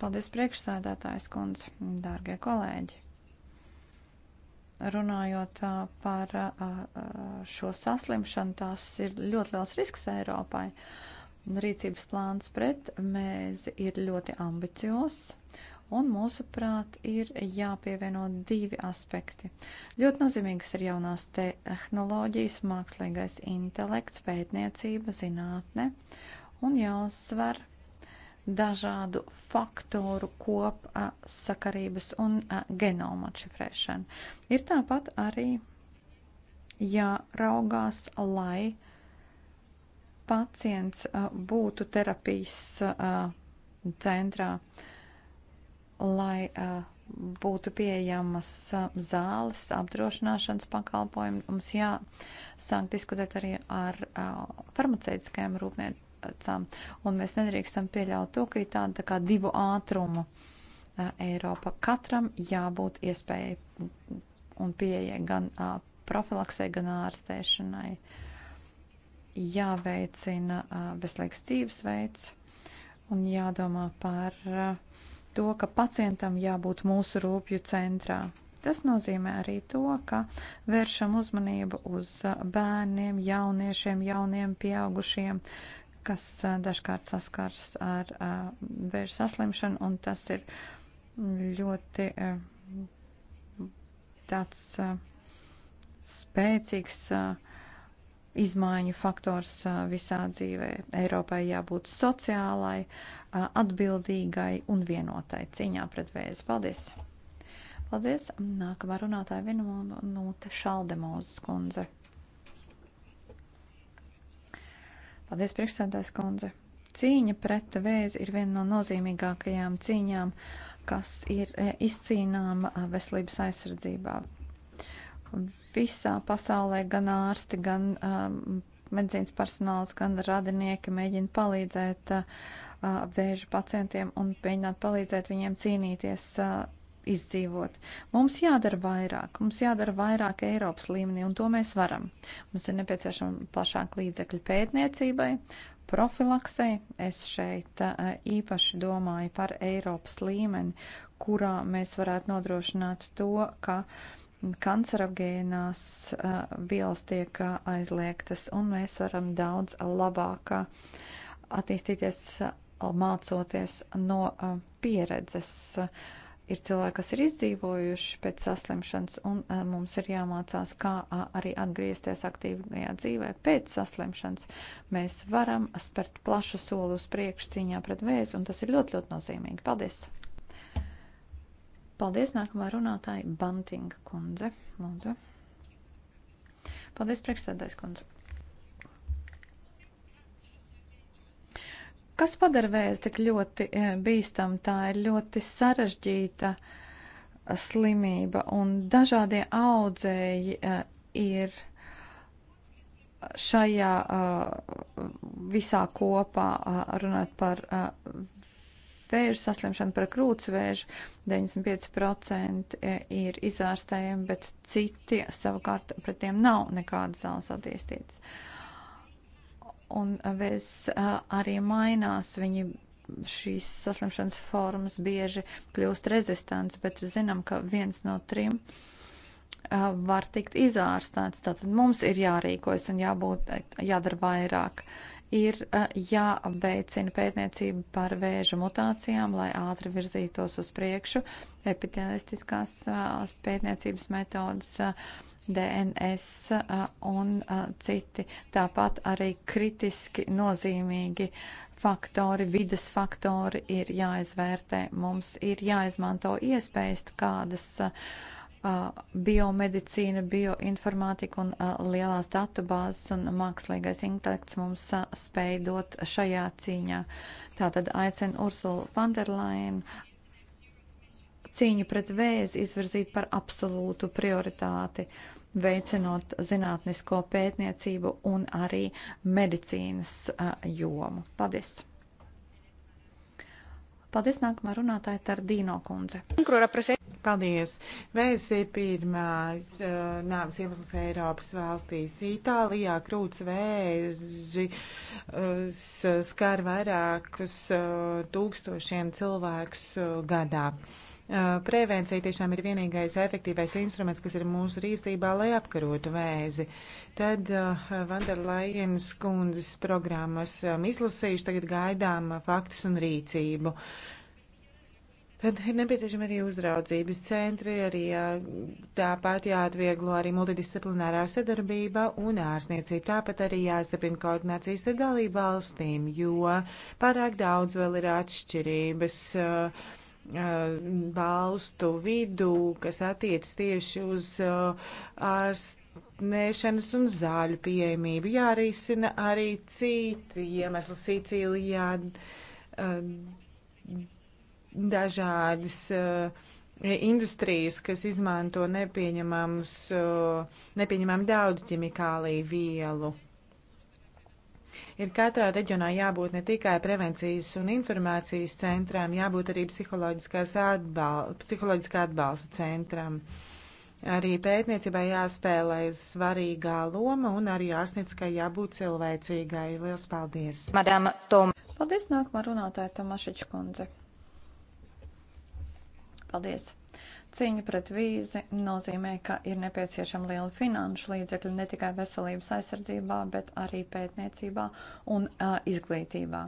Paldies priekšsēdētājs kundze, dārgie kolēģi. Runājot par šo saslimšanu, tās ir ļoti liels risks Eiropai. Rīcības plāns pret mēzi ir ļoti ambiciozs, un mūsuprāt ir jāpievieno divi aspekti. Ļoti nozīmīgas ir jaunās tehnoloģijas, mākslīgais intelekts, pētniecība, zinātne, un jāuzsver dažādu faktoru kopsakarības un genoma atšifrēšanu. Ir tāpat arī jāraugās, lai pacients būtu terapijas centrā, lai būtu pieejamas zāles, apdrošināšanas pakalpojumi. Mums jāsāk diskutēt arī ar farmaceitiskajām rūpniecībām pieredzām. Un mēs nedrīkstam pieļaut to, ka ir tāda tā kā divu ātrumu Eiropa. Katram jābūt iespējai un pieejai gan profilaksē, gan ārstēšanai. Jāveicina veselīgs dzīvesveids un jādomā par to, ka pacientam jābūt mūsu rūpju centrā. Tas nozīmē arī to, ka vēršam uzmanību uz bērniem, jauniešiem, jauniem pieaugušiem, uh, kas eh, dažkārt saskars ar eh, vēža saslimšanu, un tas ir ļoti eh, tāds spēcīgs izmaiņu faktors visā dzīvē. Eiropai jābūt sociālai, atbildīgai un vienotai cīņā pret vēzi. Paldies! Paldies! Nākamā runātāja vienota Šaldemozes kundze. Paldies, priekšsēdājs kundze. Cīņa pret vēzi ir viena no nozīmīgākajām cīņām, kas ir eh, izcīnāma eh, veselības aizsardzībā. Visā pasaulē gan ārsti, gan um, medicīnas personāls, gan radinieki mēģina palīdzēt uh, vēža pacientiem un mēģināt palīdzēt viņiem cīnīties uh, izdzīvot. Mums jādara vairāk, mums jādara vairāk Eiropas līmenī, un to mēs varam. Mums ir nepieciešama plašāka līdzekļa pētniecībai, profilaksei. Es šeit eh, īpaši domāju par Eiropas līmeni, kurā mēs varētu nodrošināt to, ka kancerogēnās eh, vielas tiek eh, aizliegtas, un mēs varam daudz labāk attīstīties, mācoties no pieredzes. Uh, Ir cilvēki, kas ir izdzīvojuši pēc saslimšanas, un e, mums ir jāmācās, kā arī atgriezties aktīvajā dzīvē pēc saslimšanas. Mēs varam spērt plašu soli uz priekšu cīņā pret vēzi, un tas ir ļoti, ļoti nozīmīgi. Paldies! Paldies nākamā runātāja Bantinga kundze. Lūdzu. Paldies, priekšsēdājs kundze. Kas padara vēzi tik ļoti eh, bīstam? Tā ir ļoti sarežģīta eh, slimība, un dažādie audzēji eh, ir šajā visā kopā runāt par vēža saslimšanu, par krūtsvēžu 95% ir izārstējami, bet citi savukārt pret tiem nav nekādas zāles attīstītas. Uh, un vēs arī mainās. Viņi šīs saslimšanas formas bieži kļūst rezistents, bet zinām, ka viens no trim var tikt izārstēts. Tātad mums ir jārīkojas un jābūt, jādara vairāk. Ir jāveicina pētniecība par vēža mutācijām, lai ātri virzītos uz priekšu. Epitēlistiskās pētniecības metodas DNS un citi. Tāpat arī kritiski nozīmīgi faktori, vidas faktori ir jāizvērtē. Mums ir jāizmanto iespējas, kādas biomedicīna, bioinformātika un lielās datubāzes un mākslīgais intelekts mums spēj dot šajā cīņā. Tātad aicinu Ursulu Fanderlainu cīņu pret vēzi izvirzīt par absolūtu prioritāti, veicinot zinātnisko pētniecību un arī medicīnas jomu. Paldies! Paldies, nākamā runātāja Tardīno kundze. Paldies. Vēzis ir pirmās uh, nāves iemesls Eiropas valstīs. Itālijā krūts vēzi uh, skar vairākus uh, tūkstošiem cilvēkus uh, gadā. Uh, Eh, prevencija tiešām ir vienīgais efektīvais instruments, kas ir mūsu rīcībā, lai apkarotu vēzi. Tad eh, Vanderlaienas kundzes programmas eh, izlasījuši, tagad gaidām faktus un rīcību. Tad ir nepieciešama arī uzraudzības centri, arī tāpat jāatvieglo arī multidisciplinārā sadarbība un ārsniecība. Tāpat arī jāstiprina koordinācijas starp dalību valstīm, jo pārāk daudz vēl ir atšķirības. Uh, valstu vidū, kas attiec tieši uz ārstu nēšanas un zāļu pieejamību. Jārisina arī citi iemesli Sīcīlijā, dažādas industrijas, kas izmanto nepieņemams, nepieņemam daudz ķimikālī vielu. Ir katrā reģionā jābūt ne tikai prevencijas un informācijas centrām, jābūt arī atbal psiholoģiskā atbalsta centram. Arī pētniecībai jāspēlē svarīgā loma un arī ārstnieciskai jābūt cilvēcīgai. Lielas paldies! Madam Tom! Paldies nākamā runātāja Tomašiča kundze. Paldies! Cīņa pret vīzi nozīmē, ka ir nepieciešama liela finanšu līdzekļa ne tikai veselības aizsardzībā, bet arī pētniecībā un uh, izglītībā.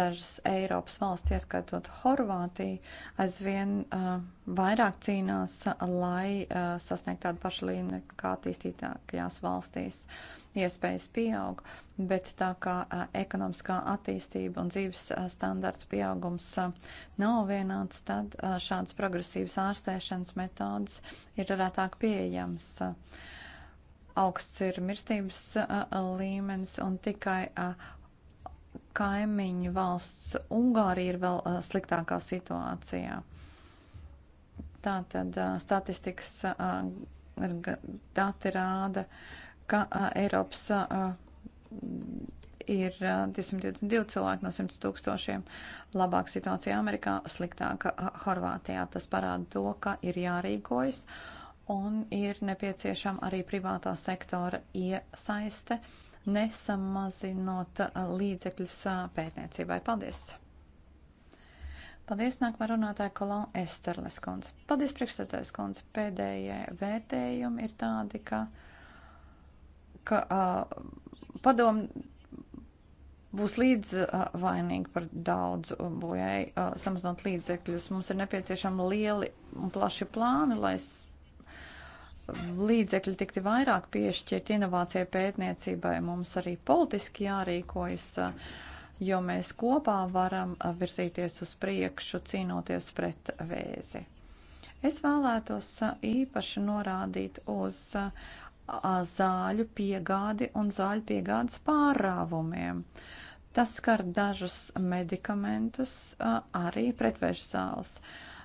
Dažas Eiropas valsts, ieskaitot Horvātiju, aizvien uh, vairāk cīnās, lai uh, sasniegtu tādu pašu līniju kā attīstītākajās valstīs. Uh, iespējas pieaug, bet tā kā ekonomiskā attīstība un dzīves standarta pieaugums nav vienāds, tad šādas progresīvas ārstēšanas metodas ir rētāk pieejamas. Augsts ir mirstības līmenis un tikai kaimiņu valsts Ungārija ir vēl sliktākā situācijā. Tātad statistikas dati rāda, uh, ka uh, Eiropas uh, ir uh, 222 cilvēki no 100 tūkstošiem. Labāka situācija Amerikā, sliktāka uh, Horvātijā. Tas parāda to, ka ir jārīkojas un ir nepieciešama arī privātā sektora iesaiste, nesamazinot uh, līdzekļus uh, pētniecībai. Paldies! Paldies, nākamā runātāja Kolona Esterles kundze. Paldies, priekšstādājas kundze. Pēdējie vērtējumi ir tādi, ka uh, ka uh, padomu būs līdz uh, vainīgi par daudz bojai uh, samazinot līdzekļus. Mums ir nepieciešami lieli un plaši plāni, lai līdzekļi tikti vairāk piešķirt inovācijai pētniecībai. Mums arī politiski jārīkojas. Uh, jo mēs kopā varam virzīties uz priekšu, cīnoties pret vēzi. Es vēlētos īpaši norādīt uz zāļu piegādi un zāļu piegādes pārāvumiem. Tas skar dažus medikamentus, arī pretvēža zāles.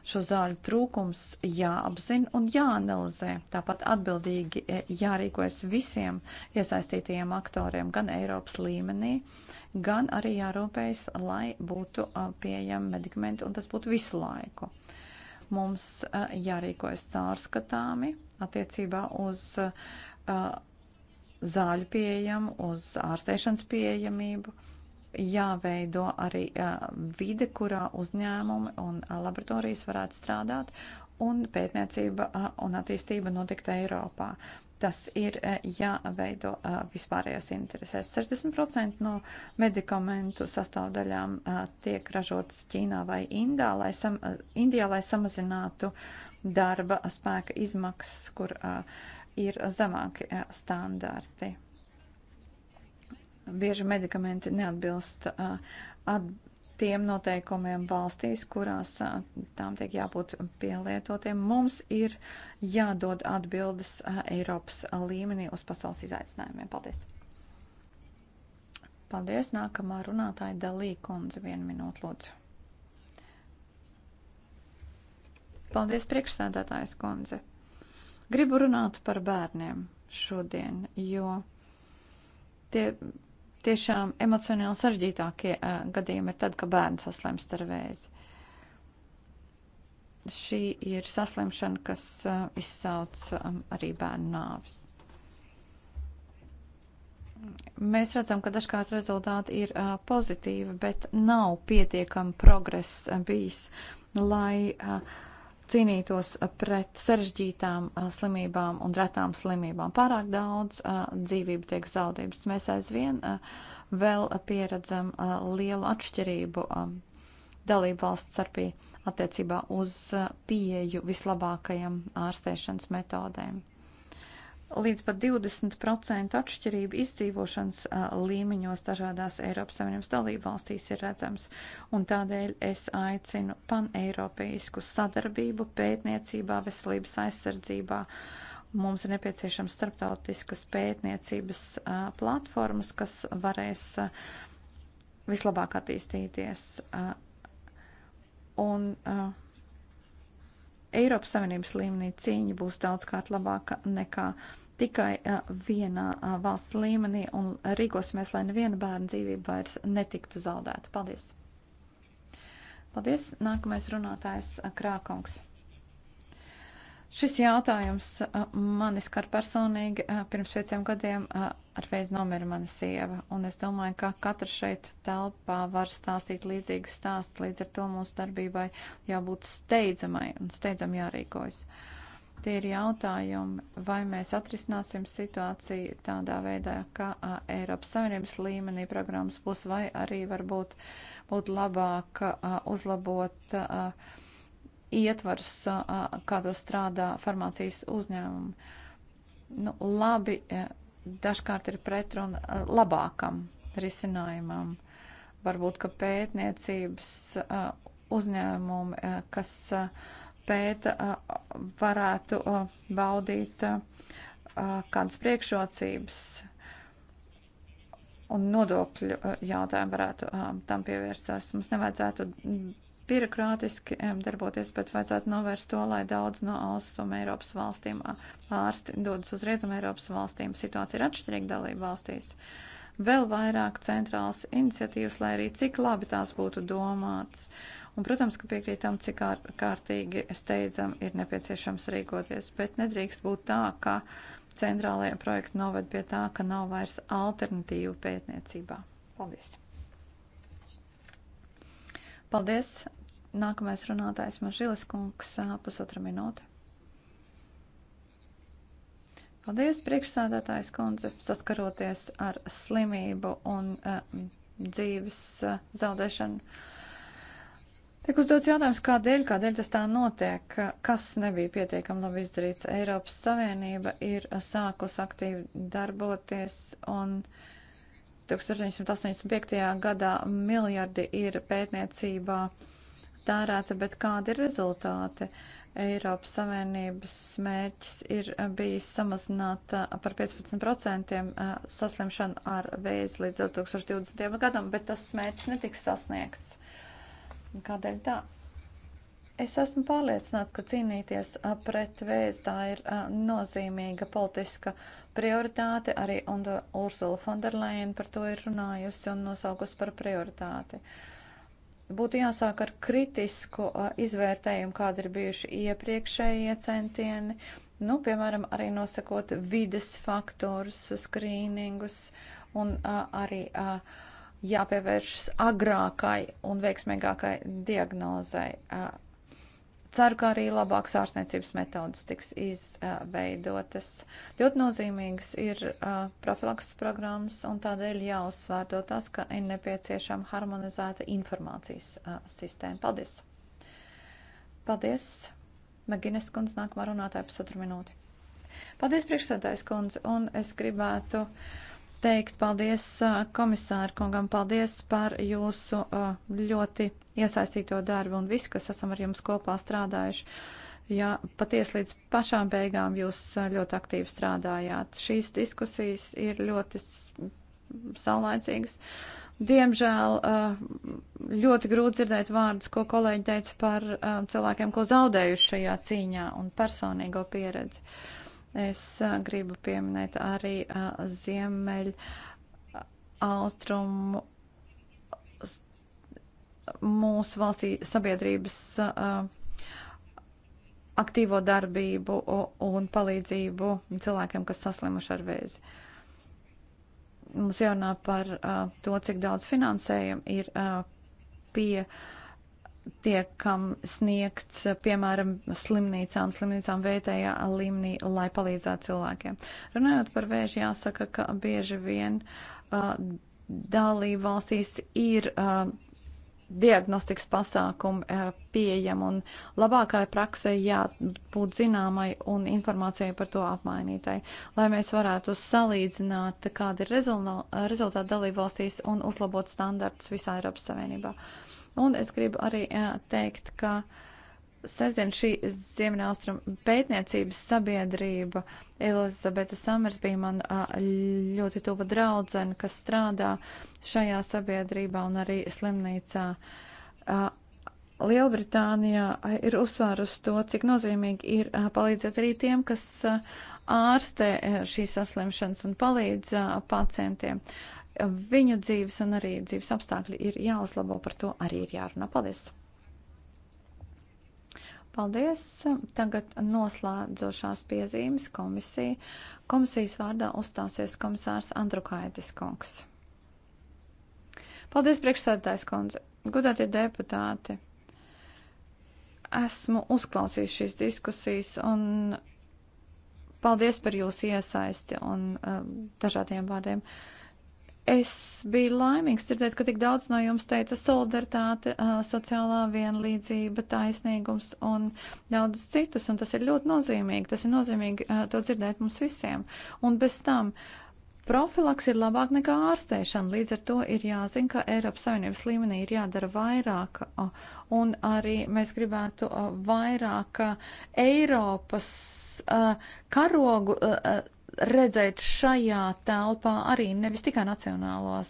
Šo zāļu trūkums jāapzina un jāanalizē. Tāpat atbildīgi e, jārīkojas visiem iesaistītajiem aktoriem gan Eiropas līmenī, gan arī jārūpējas, lai būtu pieejami medikamenti un tas būtu visu laiku mums jārīkojas caurskatāmi attiecībā uz Uh, zāļu pieejamu, uz ārstēšanas pieejamību. Jāveido arī uh, vide, kurā uzņēmumi un uh, laboratorijas varētu strādāt, un pētniecība un attīstība notikt Eiropā. Tas ir jāveido vispārējās interesēs. 60% no medikamentu sastāvdaļām tiek ražotas Ķīnā vai Indā, lai sam, Indijā, lai samazinātu darba spēka izmaksas, kur uh, ir zemāki eh, standarti. Bieži medikamenti neatbilst eh, at tiem noteikumiem valstīs, kurās eh, tām tiek jābūt pielietotiem. Mums ir jādod atbildes Eiropas līmenī uz pasaules izaicinājumiem. Paldies! Paldies! Nākamā runātāja Dalī kundze vienu minūtu lūdzu. Paldies, priekšsēdētājs kundze! Gribu runāt par bērniem šodien, jo tie tiešām emocionāli sarežģītākie uh, gadījumi ir tad, kad bērns saslimst ar vēzi. Šī ir saslimšana, kas uh, izsauc um, arī bērnu nāvis. Mēs redzam, ka dažkārt rezultāti ir uh, pozitīvi, bet nav pietiekami progress uh, bijis, lai uh, cīnītos pret sarežģītām slimībām un retām slimībām. Pārāk daudz dzīvību tiek zaudētas. Mēs aizvien vēl pieredzam lielu atšķirību dalību valsts starpī attiecībā uz pieju vislabākajam ārstēšanas metodēm līdz pat 20% atšķirība izdzīvošanas līmeņos dažādās Eiropas Savienības dalību valstīs ir redzams, un tādēļ es aicinu paneiropeisku sadarbību pētniecībā, veselības aizsardzībā. Mums ir nepieciešams starptautiskas pētniecības platformas, kas varēs vislabāk attīstīties. Un, uh, Eiropas Savienības līmenī cīņa būs daudzkārt labāka nekā tikai vienā valsts līmenī un rīkosimies, lai neviena bērna dzīvība vairs netiktu zaudēta. Paldies! Paldies! Nākamais runātājs Krākungs. Šis jautājums mani skar personīgi. Pirms pieciem gadiem ar feiz nomira mana sieva, un es domāju, ka katrs šeit telpā var stāstīt līdzīgu stāstu, līdz ar to mūsu darbībai jābūt steidzamai un steidzam jārīkojas. Tie ir jautājumi, vai mēs atrisināsim situāciju tādā veidā, ka a, Eiropas Savienības līmenī programmas būs, vai arī varbūt būtu labāk a, uzlabot a, ietvarus, a, kādos strādā farmācijas uzņēmumi. Nu, labi, a, e, dažkārt ir pretruna labākam risinājumam. Varbūt, ka pētniecības uzņēmumi, kas pēta, varētu baudīt kādas priekšrocības. Un nodokļu jautājumu varētu tam pievērsties. Mums nevajadzētu birokrātiski darboties, bet vajadzētu novērst to, lai daudz no Austrum Eiropas valstīm ārsti dodas uz Rietum Eiropas valstīm. Situācija ir atšķirīga dalība valstīs. Vēl vairāk centrāls iniciatīvas, lai arī cik labi tās būtu domāts. Un, protams, ka piekrītam, cik ārkārtīgi steidzam ir nepieciešams rīkoties, bet nedrīkst būt tā, ka centrālajie projekti noved pie tā, ka nav vairs alternatīvu pētniecībā. Paldies! Paldies! Nākamais runātājs Mažilis kungs, pusotra minūte. Paldies, priekšsādātājs kundze, saskaroties ar slimību un uh, dzīves uh, zaudēšanu. Tiek uzdots jautājums, kādēļ, kādēļ tas tā notiek, kas nebija pietiekami labi izdarīts. Eiropas Savienība ir sākus aktīvi darboties un 1985. gadā miljardi ir pētniecībā uh, tērēta, bet kādi ir rezultāti? Eiropas Savienības mērķis ir bijis samazināt par 15% saslimšanu ar vēzi līdz 2020. gadam, bet tas mērķis netiks sasniegts. Kādēļ tā? Es esmu pārliecināts, ka cīnīties pret vēzi tā ir nozīmīga politiska prioritāte. Arī Ursula von der Leyen par to ir runājusi un nosaukusi par prioritāti. Uh, būtu jāsāk ar kritisku izvērtējumu, kāda ir bijuši iepriekšējie centieni, nu, piemēram, arī nosakot vides faktorus, skrīningus un arī jāpievēršas agrākai un veiksmīgākai diagnozai Ceru, ka arī labākas ārstniecības metodas tiks izveidotas. Ļoti nozīmīgas ir profilakses programmas, un tādēļ jāuzsvēr to tas, ka ir nepieciešama harmonizēta informācijas sistēma. Paldies! Paldies! Magines kundze nākamā runātāja pusotru minūti. Paldies, priekšsēdājas kundze, un es gribētu. Uh, teikt paldies komisāru kungam, paldies par jūsu ļoti iesaistīto darbu un visu, kas esam ar jums kopā strādājuši. Jā, paties līdz pašām beigām jūs ļoti aktīvi strādājāt. Šīs diskusijas ir ļoti saulaicīgas. Diemžēl ļoti grūti dzirdēt vārdus, ko kolēģi teica par cilvēkiem, ko zaudējuši šajā cīņā un personīgo pieredzi. Uh, Es gribu pieminēt arī ziemeļ austrumu mūsu valstī sabiedrības aktīvo darbību un palīdzību cilvēkiem, kas saslimuši ar vēzi. Mums jārunā par to, cik daudz finansējumu ir pie uh, tiekam sniegts, piemēram, slimnīcām, slimnīcām vietējā līmenī, lai palīdzētu cilvēkiem. Runājot par vēžu, jāsaka, ka bieži vien uh, dalību valstīs ir uh, diagnostikas pasākumi uh, pieejami un labākai praksē jābūt zināmai un informācijai par to apmainītai, lai mēs varētu salīdzināt, kāda ir rezultāta dalību valstīs un uzlabot standartus visā Eiropas Savienībā. Uh, Un es gribu arī teikt, ka sestdien šī Ziemeļaustrum pētniecības sabiedrība Elizabeta Samers bija man ļoti tuva draudzene, kas strādā šajā sabiedrībā un arī slimnīcā. Lielbritānijā ir uzsvērus to, cik nozīmīgi ir palīdzēt arī tiem, kas ārstē šīs saslimšanas un palīdz pacientiem. Uh, Viņu dzīves un arī dzīves apstākļi ir jāuzlabo, par to arī ir jārunā. Paldies! Paldies! Tagad noslēdzošās piezīmes komisija. Komisijas vārdā uzstāsies komisārs Andrukaitis Kungs. Paldies, priekšsēdētājs Kundze! Godātie deputāti! Esmu uzklausījis šīs diskusijas un paldies par jūsu iesaisti un um, dažādiem vārdiem. Uh, Es biju laimīgs dzirdēt, ka tik daudz no jums teica solidaritāte, sociālā vienlīdzība, taisnīgums un daudz citus, un tas ir ļoti nozīmīgi. Tas ir nozīmīgi to dzirdēt mums visiem. Un bez tam profilaks ir labāk nekā ārstēšana. Līdz ar to ir jāzina, ka Eiropas Savienības līmenī ir jādara vairāk, un arī mēs gribētu vairāk Eiropas karogu redzēt šajā telpā arī nevis tikai nacionālās,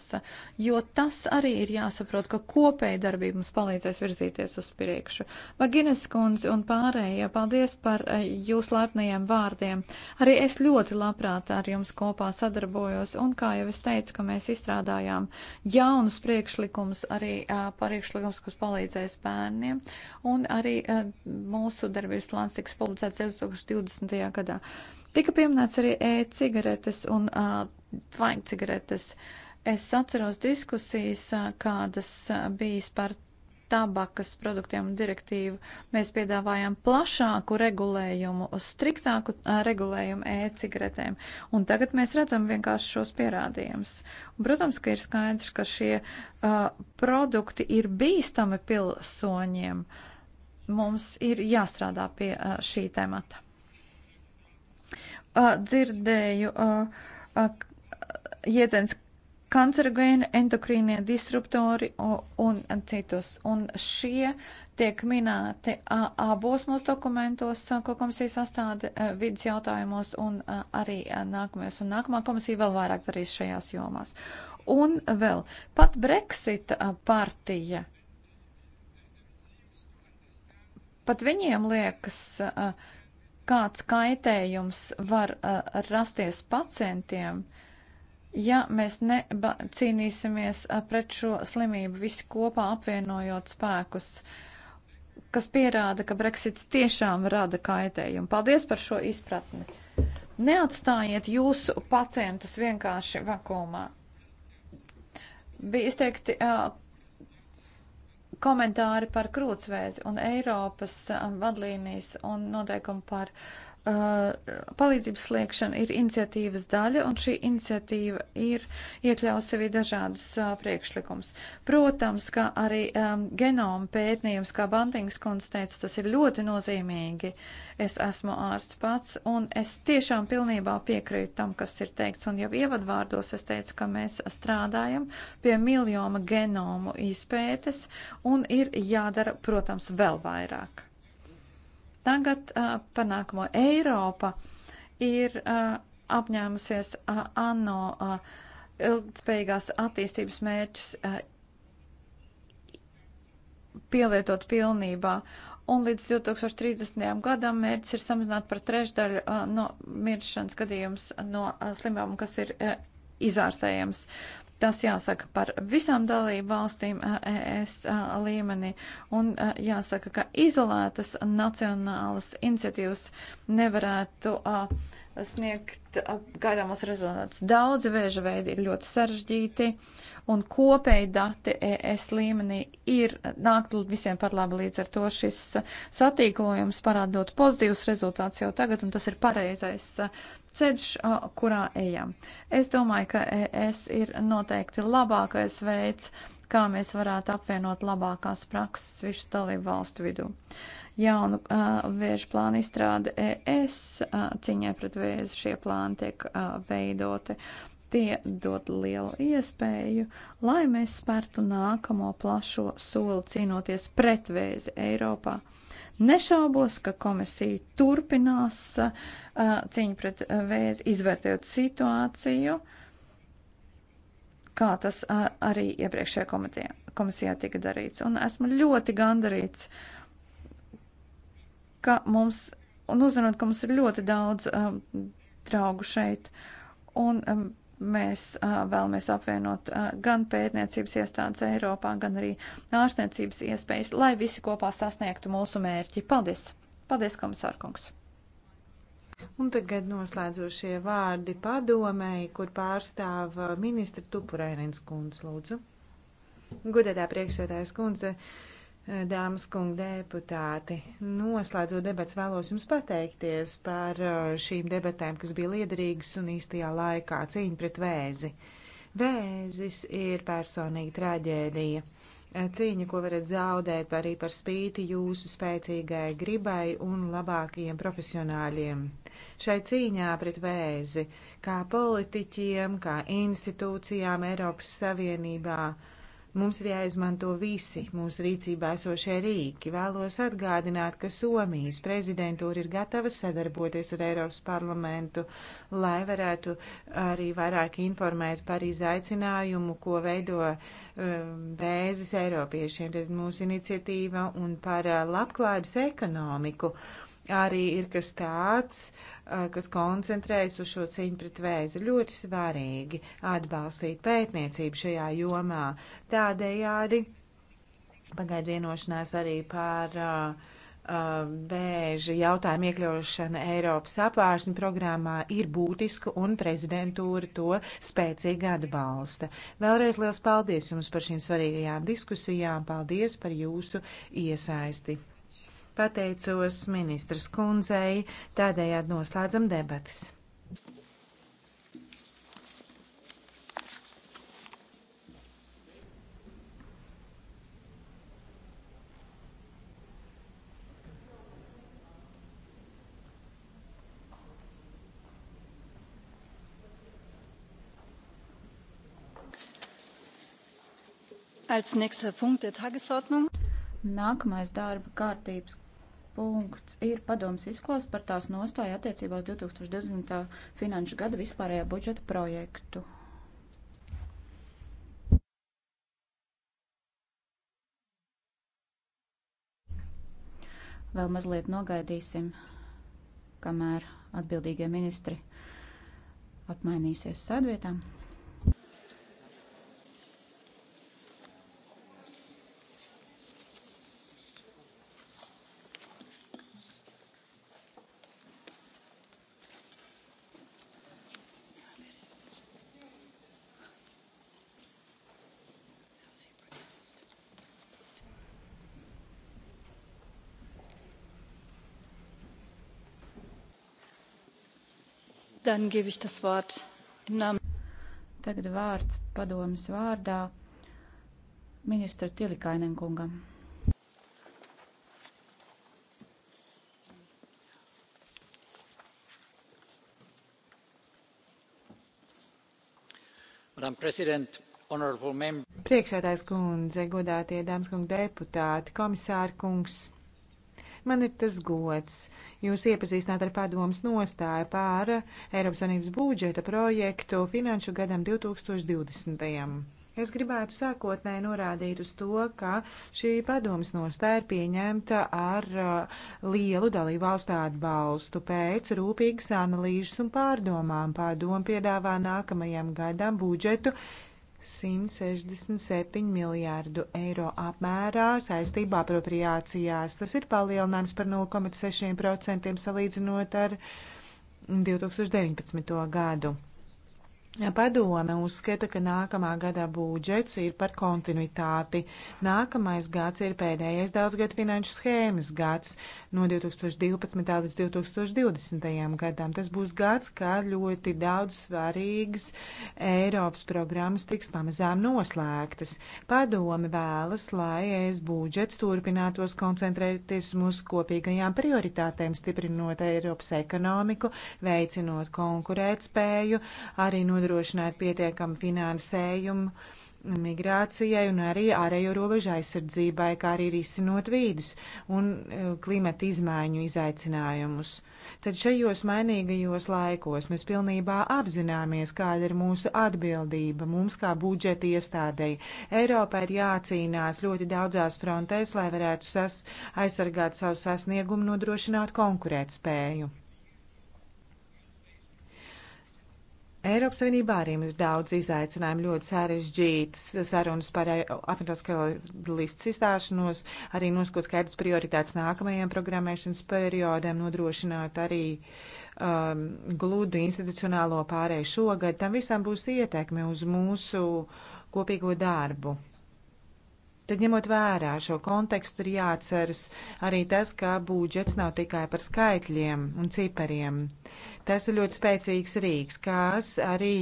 jo tas arī ir jāsaprot, ka kopēja darbība mums palīdzēs virzīties uz priekšu. Magines kundze un pārējie, paldies par eh, jūs laipnajiem vārdiem. Arī es ļoti labprāt ar jums kopā sadarbojos un, kā jau es teicu, ka mēs izstrādājām jaunus priekšlikumus, arī eh, priekšlikumus, kas palīdzēs bērniem, un arī a, eh, mūsu darbības plāns tiks publicēts 2020. gadā. Tika pieminēts arī e-cigaretes un vainu cigaretes. Es atceros diskusijas, kādas bijis par tabakas produktiem direktīvu. Mēs piedāvājām plašāku regulējumu, striktāku regulējumu e-cigaretēm. Un tagad mēs redzam vienkārši šos pierādījumus. Un, protams, ka ir skaidrs, ka šie uh, produkti ir bīstami pilsoņiem. Mums ir jāstrādā pie uh, šī temata dzirdēju jēdziens kancerogēni, endokrīnie disruptori un citus. Un šie tiek minēti abos mūsu dokumentos, ko komisija sastāda vidas jautājumos un arī nākamajos. Un nākamā komisija vēl vairāk darīs šajās jomās. Un vēl pat Brexit partija. Pat viņiem liekas, uh, kāds kaitējums var uh, rasties pacientiem, ja mēs necīnīsimies uh, pret šo slimību visi kopā apvienojot spēkus, kas pierāda, ka Brexits tiešām rada kaitējumu. Paldies par šo izpratni. Neatstājiet jūsu pacientus vienkārši vakumā. Bija izteikti uh, komentāri par krūtsvēzi un Eiropas um, vadlīnijas un noteikumu par Uh, palīdzības sniegšana ir iniciatīvas daļa, un šī iniciatīva ir iekļausi arī dažādas uh, priekšlikums. Protams, kā arī um, genoma pētījums, kā Bantings kundze teica, tas ir ļoti nozīmīgi. Es esmu ārsts pats, un es tiešām pilnībā piekrītu tam, kas ir teikts, un jau ievadvārdos es teicu, ka mēs strādājam pie miljoma genomu izpētes, un ir jādara, protams, vēl vairāk. Tagad uh, par nākamo Eiropa ir uh, apņēmusies uh, ANO uh, ilgspējīgās attīstības mērķus uh, pielietot pilnībā. Un līdz 2030. gadam mērķis ir samazināt par trešdaļu uh, no miršanas gadījums no uh, slimībām, kas ir uh, izārstējams. Tas jāsaka par visām dalību valstīm e, ES līmenī un jāsaka, ka izolētas nacionālas iniciatīvas nevarētu sniegt gaidāmos rezultātus. Daudzi vēža veidi ir ļoti sarežģīti un kopēji dati e, ES līmenī ir nākt visiem par labu. Līdz ar to šis satīklojums parādot pozitīvus rezultātus jau tagad, un tas ir pareizais ceļš, kurā ejam. Es domāju, ka ES ir noteikti labākais veids, kā mēs varētu apvienot labākās prakses visu dalību valstu vidū. Jaunu uh, vēža plānu izstrāde ES uh, ciņai pret vēzi šie plāni tiek uh, veidoti. Tie dod lielu iespēju, lai mēs spērtu nākamo plašo soli cīnoties pret vēzi Eiropā. Uh, Nešaubos, ka komisija turpinās uh, cīņu pret uh, vēzi, izvērtējot situāciju, kā tas uh, arī iepriekšējā komitejā, komisijā tika darīts. Un esmu ļoti gandarīts, ka mums, un uzzinot, ka mums ir ļoti daudz um, draugu šeit, un um, Mēs vēlamies apvienot gan pētniecības iestādes Eiropā, gan arī ārstniecības iespējas, lai visi kopā sasniegtu mūsu mērķi. Paldies! Paldies, komisārkungs! Un tagad noslēdzošie vārdi padomēji, kur pārstāv ministra Tupurainens kundze, lūdzu. Gudētā priekšsēdājas kundze. Uh, Dāmas kungi deputāti, noslēdzot debats vēlos jums pateikties par uh, šīm debatēm, kas bija liederīgas un īstajā laikā cīņa pret vēzi. Vēzis ir personīga traģēdija. Uh, cīņa, ko varat zaudēt arī par spīti jūsu spēcīgai gribai un labākajiem profesionāļiem. Šai cīņā pret vēzi, kā politiķiem, kā institūcijām Eiropas Savienībā, uh, Mums ir jāizmanto visi mūsu rīcībā esošie rīki. Vēlos atgādināt, ka Somijas prezidentūra ir gatava sadarboties ar Eiropas parlamentu, lai varētu arī vairāk informēt par izaicinājumu, ko veido vēzis um, Eiropiešiem, tad mūsu iniciatīva un par uh, labklājības ekonomiku. Uh, arī ir kas tāds, kas koncentrējas uz šo cīņu pret vēzi. Ļoti svarīgi atbalstīt pētniecību šajā jomā. Tādējādi pagaidu vienošanās arī par uh, vēža jautājumu iekļaušana Eiropas apvārsņu programmā ir būtiska un prezidentūra to spēcīgi atbalsta. Vēlreiz liels paldies jums par šīm svarīgajām diskusijām, paldies par jūsu iesaisti. Pateicos ministras kundzei, tādējādi noslēdzam debatas. als nächster punkt der tagesordnung. Nākamais darba kārtības punkts ir padomas izklāsts par tās nostāju attiecībā uz 2020. finanšu gada vispārējā budžeta projektu. Vēl mazliet nogaidīsim, kamēr atbildīgie ministri apmainīsies sēdvietām. Dann gebe ich das Wort im Namen. Tagad vārds padomas vārdā ministra Tilikainen kungam. Madam President, honorable members. Priekšētājs kundze, godātie dāmas kungi deputāti, komisāri kungs. Man ir tas gods jūs iepazīstināt ar padomus nostāju pār Eiropas Savienības budžeta projektu finanšu gadam 2020. Es gribētu sākotnēji norādīt uz to, ka šī padomas nostāja ir pieņemta ar uh, lielu dalībvalstu atbalstu. Pēc rūpīgas analīzes un pārdomām padomu piedāvā nākamajam gadam budžetu 167 miljārdu eiro apmērā saistību apropriācijās. Tas ir palielinājums par 0,6% salīdzinot ar 2019. gadu. Padome uzskata, ka nākamā gada budžets ir par kontinuitāti. Nākamais gads ir pēdējais daudzgad finanšu schēmas gads no 2012. līdz 2020. gadam. Tas būs gads, kā ļoti daudz svarīgas Eiropas programmas tiks pamazām noslēgtas. Padome vēlas, lai es budžets turpinātos koncentrēties uz kopīgajām prioritātēm, stiprinot Eiropas ekonomiku, veicinot konkurētspēju, arī no nodrošināt pietiekamu finansējumu migrācijai un arī ārējo robežu aizsardzībai, kā arī risinot vīdes un e, klimata izmaiņu izaicinājumus. Tad šajos mainīgajos laikos mēs pilnībā apzināmies, kāda ir mūsu atbildība. Mums kā budžeta iestādei Eiropā ir jācīnās ļoti daudzās frontēs, lai varētu sas aizsargāt savu sasniegumu, nodrošināt konkurētspēju. Eiropas Savienībā arī ir daudz izaicinājumu, ļoti sarežģītas sarunas par e, apvienotās karalistas izstāšanos, arī noskot skaidrs prioritātes nākamajam programmēšanas periodam, nodrošināt arī um, gludu institucionālo pārēju šogad. Tam visam būs ietekme uz mūsu kopīgo darbu. Tad ņemot vērā šo kontekstu, ir jāatceras arī tas, ka budžets nav tikai par skaitļiem un cipariem. Tas ir ļoti spēcīgs rīks, kas arī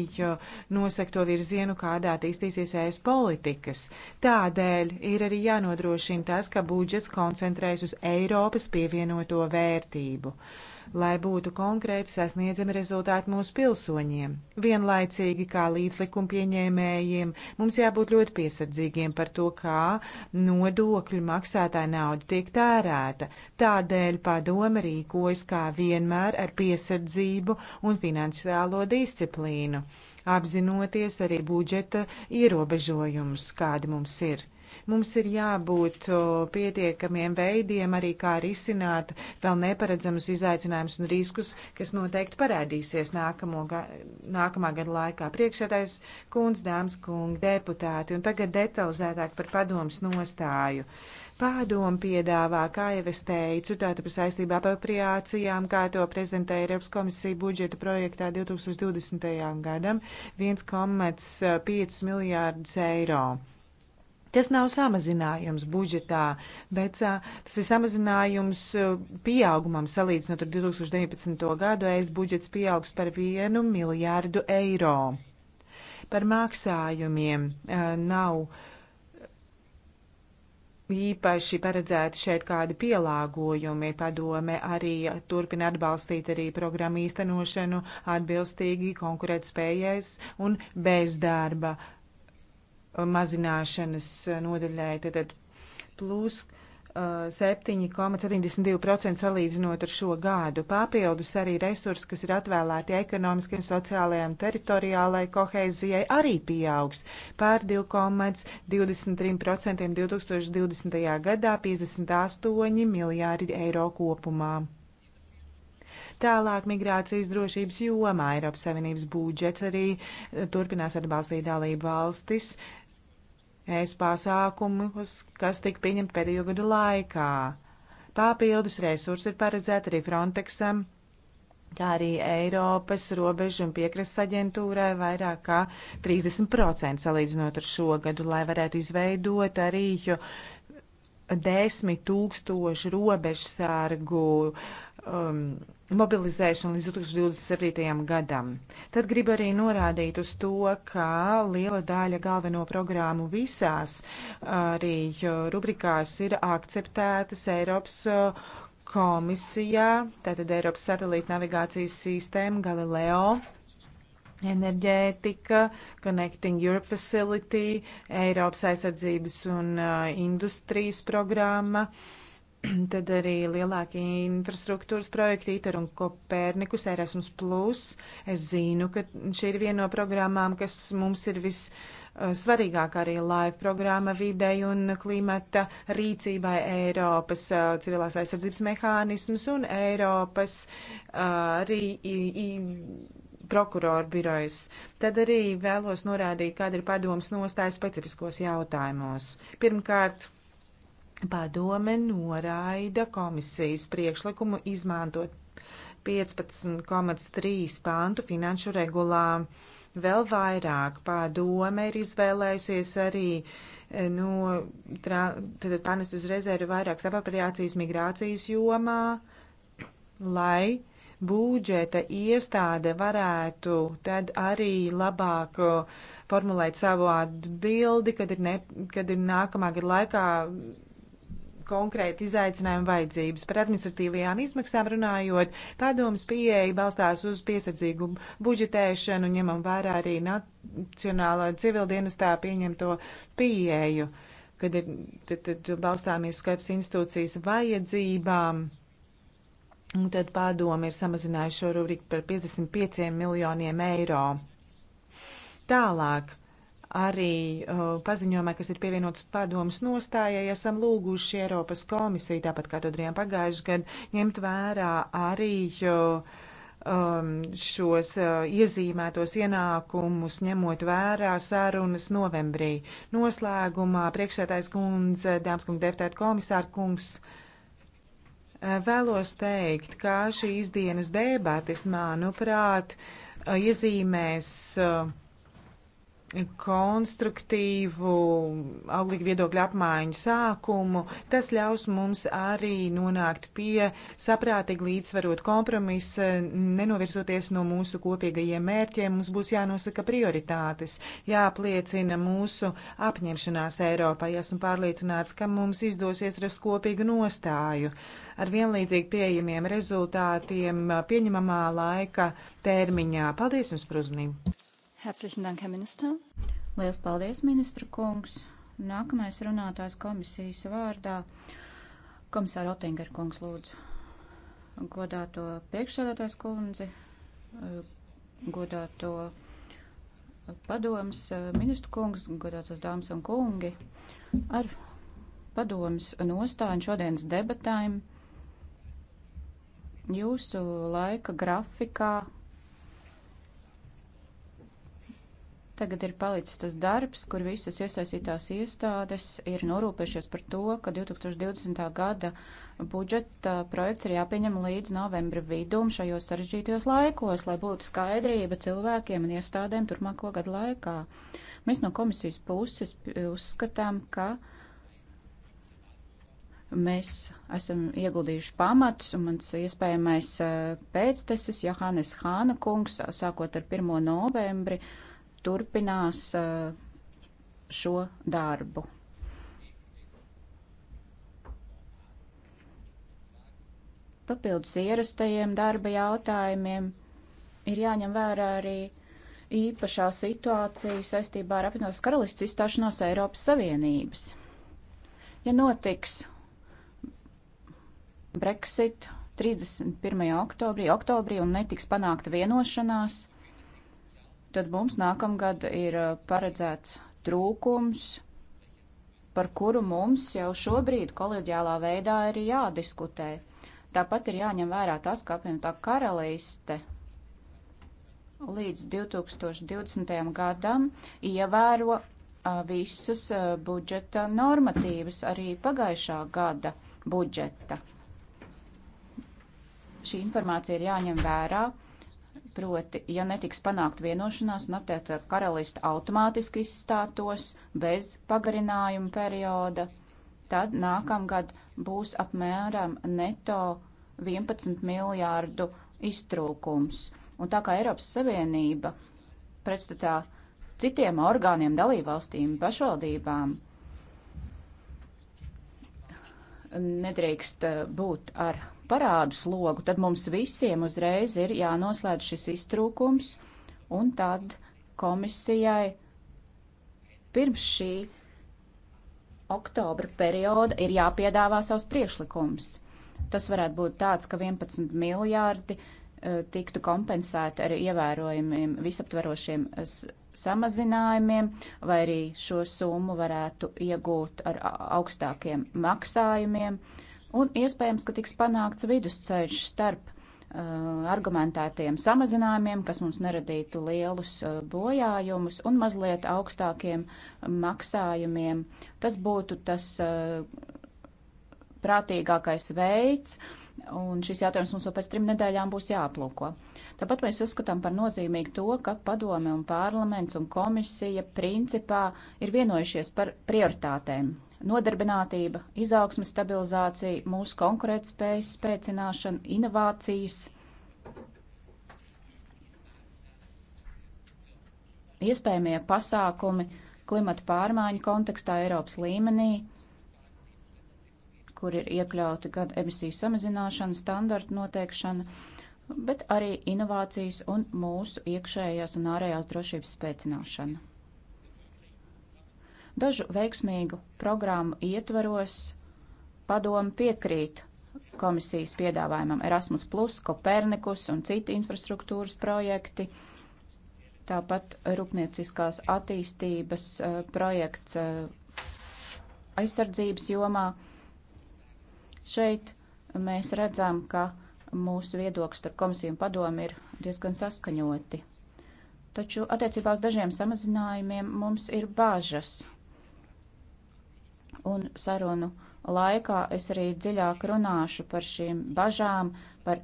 nosaka to virzienu, kādā attīstīsies ēst politikas. Tādēļ ir arī jānodrošina tas, ka budžets koncentrēs uz Eiropas pievienoto vērtību. Uh, lai būtu konkrēti sasniedzami rezultāti mūsu pilsoņiem. Vienlaicīgi, kā līdzlikuma pieņēmējiem, mums jābūt ļoti piesardzīgiem par to, kā nodokļu maksātāja nauda tiek tērēta. Tādēļ padome rīkojas kā vienmēr ar piesardzību un finansiālo disciplīnu, apzinoties arī budžeta ierobežojumus, kādi mums ir. Mums ir jābūt pietiekamiem veidiem arī kā risināt vēl neparedzamus izaicinājumus un riskus, kas noteikti parādīsies nākamo, ga nākamā gada laikā. Priekšētais kundz, dāmas kungi, deputāti, un tagad detalizētāk par padomus nostāju padomu piedāvā, kā jau es teicu, tātad par saistību apropriācijām, kā to prezentēja Eiropas komisija budžeta projektā 2020. gadam, 1,5 miljārdus eiro. Tas nav samazinājums budžetā, bet tas ir samazinājums pieaugumam salīdzinot ar 2019. gadu. Es budžets pieaugs par vienu miljārdu eiro. Par maksājumiem nav īpaši paredzēti šeit kādi pielāgojumi. Padome arī turpina atbalstīt arī programmu īstenošanu atbilstīgi konkurētspējais un bezdarba uh, mazināšanas nodaļai. Tātad plus 7,72% uh, salīdzinot ar šo gadu. Papildus arī resursi, kas ir atvēlēti ekonomiskai, sociālajai un teritoriālajai koheizijai, arī pieaugs pār 2,23% 2020. gadā 58 miljārdi eiro kopumā. Tālāk migrācijas drošības jomā Eiropas Savienības budžets arī turpinās atbalstīt dalību valstis es pasākumus, kas tika pieņemti pēdējo gadu laikā. Papildus resursi ir paredzēti arī Frontexam, kā arī Eiropas robežu un piekrastes aģentūrai vairāk kā 30% salīdzinot ar šo gadu, lai varētu izveidot arī desmit tūkstošu robežsargu uh, um, mobilizēšanu līdz 2027. gadam. Tad gribu arī norādīt uz to, ka liela daļa galveno programmu visās uh, arī uh, rubrikās ir akceptētas Eiropas uh, komisijā, tātad Eiropas satelīta navigācijas sistēma Galileo, enerģētika, Connecting Europe Facility, Eiropas aizsardzības un uh, industrijas programma. Uh, Tad arī lielākie infrastruktūras projekti, ITER un Kopernikus, Erasmus. Plus. Es zinu, ka šī ir viena no programmām, kas mums ir vissvarīgākā eh, arī laiva programma videi un klimata rīcībai Eiropas eh, civilās aizsardzības mehānismus un Eiropas eh, arī. I, i, prokuroru birojas. Tad arī vēlos norādīt, kāda ir padomas nostāja specifiskos jautājumos. Pirmkārt, Padome noraida komisijas priekšlikumu izmantot 15,3 pāntu finanšu regulā. Vēl vairāk padome ir izvēlējusies arī nu, panest uz rezervi vairākas apapriācijas migrācijas jomā, lai budžeta iestāde varētu tad arī labāk eh, formulēt savu atbildi, kad ir, ne, kad ir nākamā gada laikā konkrēti izaicinājumi vajadzības. Par administratīvajām izmaksām runājot, padomas pieeja balstās uz piesardzīgu budžetēšanu, ņemam vērā arī Nacionālā civildienestā pieņemto pieeju, kad ir tad, tad balstāmies skaidrs institūcijas vajadzībām. Un tad padomi ir samazinājuši šo rubriku par 55 miljoniem eiro. Tālāk Arī uh, paziņojumā, kas ir pievienots padomas nostājai, esam lūguši Eiropas komisiju, tāpat kā to darījām pagājušajā gadā, ņemt vērā arī uh, um, šos uh, iezīmētos ienākumus, ņemot vērā sarunas novembrī. Noslēgumā priekšsētājs kundz, dāmas kungi, deputēta komisāra kungs. Uh, vēlos teikt, ka šīs dienas debates, manuprāt, uh, iezīmēs uh, konstruktīvu, auglīgu viedokļu apmaiņu sākumu. Tas ļaus mums arī nonākt pie saprātīgi līdzsvarot kompromisa, nenovirzoties no mūsu kopīgajiem mērķiem. Mums būs jānosaka prioritātes, jāpliecina mūsu apņemšanās Eiropai. Esmu pārliecināts, ka mums izdosies rast kopīgu nostāju ar vienlīdzīgi pieejamiem rezultātiem pieņemamā laika termiņā. Paldies jums par uzmanību! Herzlichen Dank, Herr Minister. Lielas paldies, ministra kungs. Nākamais runātājs komisijas vārdā. Komisāra Otinger kungs lūdzu. Godāto priekšsēdētājs kundzi, godāto padomas eh, ministru kungs, godātos dāmas un kungi. Ar padomas nostāju šodienas debatēm jūsu laika grafikā Tagad ir palicis tas darbs, kur visas iesaistītās iestādes ir norūpējušies par to, ka 2020. gada budžeta projekts ir jāpieņem līdz novembra vidum šajos sarežģītajos laikos, lai būtu skaidrība cilvēkiem un iestādēm turpmāko gadu laikā. Mēs no komisijas puses uzskatām, ka mēs esam ieguldījuši pamatus, un mans iespējamais eh, pēctesis Johannes Hāna kungs, sākot ar 1. novembri, uh, turpinās eh, šo darbu. Papildus ierastajiem darba jautājumiem ir jāņem vērā arī īpašā situācija saistībā ar apvienotās karalists izstāšanos Eiropas Savienības. Ja notiks Brexit 31. oktobrī, oktobrī un netiks panākta vienošanās, tad mums nākamgad ir uh, paredzēts trūkums, par kuru mums jau šobrīd koleģiālā veidā ir jādiskutē. Tāpat ir jāņem vērā tas, ka apvienotā karalīste līdz 2020. gadam ievēro uh, visas uh, budžeta normatīvas, arī pagājušā gada budžeta. Šī informācija ir jāņem vērā Proti, ja netiks panākt vienošanās, un aptietā karalista automātiski izstātos bez pagarinājuma perioda, tad nākamgad būs apmēram neto 11 miljārdu iztrūkums. Un tā kā Eiropas Savienība pretstatā citiem orgāniem, dalībvalstīm, pašvaldībām nedrīkst eh, būt ar parādu slogu, tad mums visiem uzreiz ir jānoslēdz šis iztrūkums, un tad komisijai pirms šī oktobra perioda ir jāpiedāvā savs priekšlikums. Tas varētu būt tāds, ka 11 miljārdi e, tiktu kompensēti ar ievērojumiem visaptverošiem e, samazinājumiem, vai arī šo summu varētu iegūt ar augstākiem maksājumiem. Uh, un iespējams, ka tiks panākts vidusceļš starp uh, argumentētiem samazinājumiem, kas mums neradītu lielus uh, bojājumus un mazliet augstākiem maksājumiem. Tas būtu tas uh, prātīgākais veids, un šis jautājums mums vēl pēc trim nedēļām būs jāaplūko. Tāpat mēs uzskatām par nozīmīgu to, ka padome un parlaments un komisija principā ir vienojušies par prioritātēm - nodarbinātība, izaugsmes stabilizācija, mūsu konkurētspējas spēcināšana, inovācijas. Iespējamie pasākumi klimata pārmaiņu kontekstā Eiropas līmenī, kur ir iekļauti gan emisiju samazināšana, standartu noteikšana, bet arī inovācijas un mūsu iekšējās un ārējās drošības spēcināšana. Dažu veiksmīgu programmu ietveros padomu piekrīt komisijas piedāvājumam Erasmus, Kopernikus un citi infrastruktūras projekti, tāpat rūpnieciskās attīstības eh, projekts eh, aizsardzības jomā. Šeit mēs redzam, ka uh, mūsu viedokļi starp komisiju un padomu ir diezgan saskaņoti. Taču attiecībā uz dažiem samazinājumiem mums ir bāžas. Un sarunu laikā es arī dziļāk runāšu par šīm bažām, par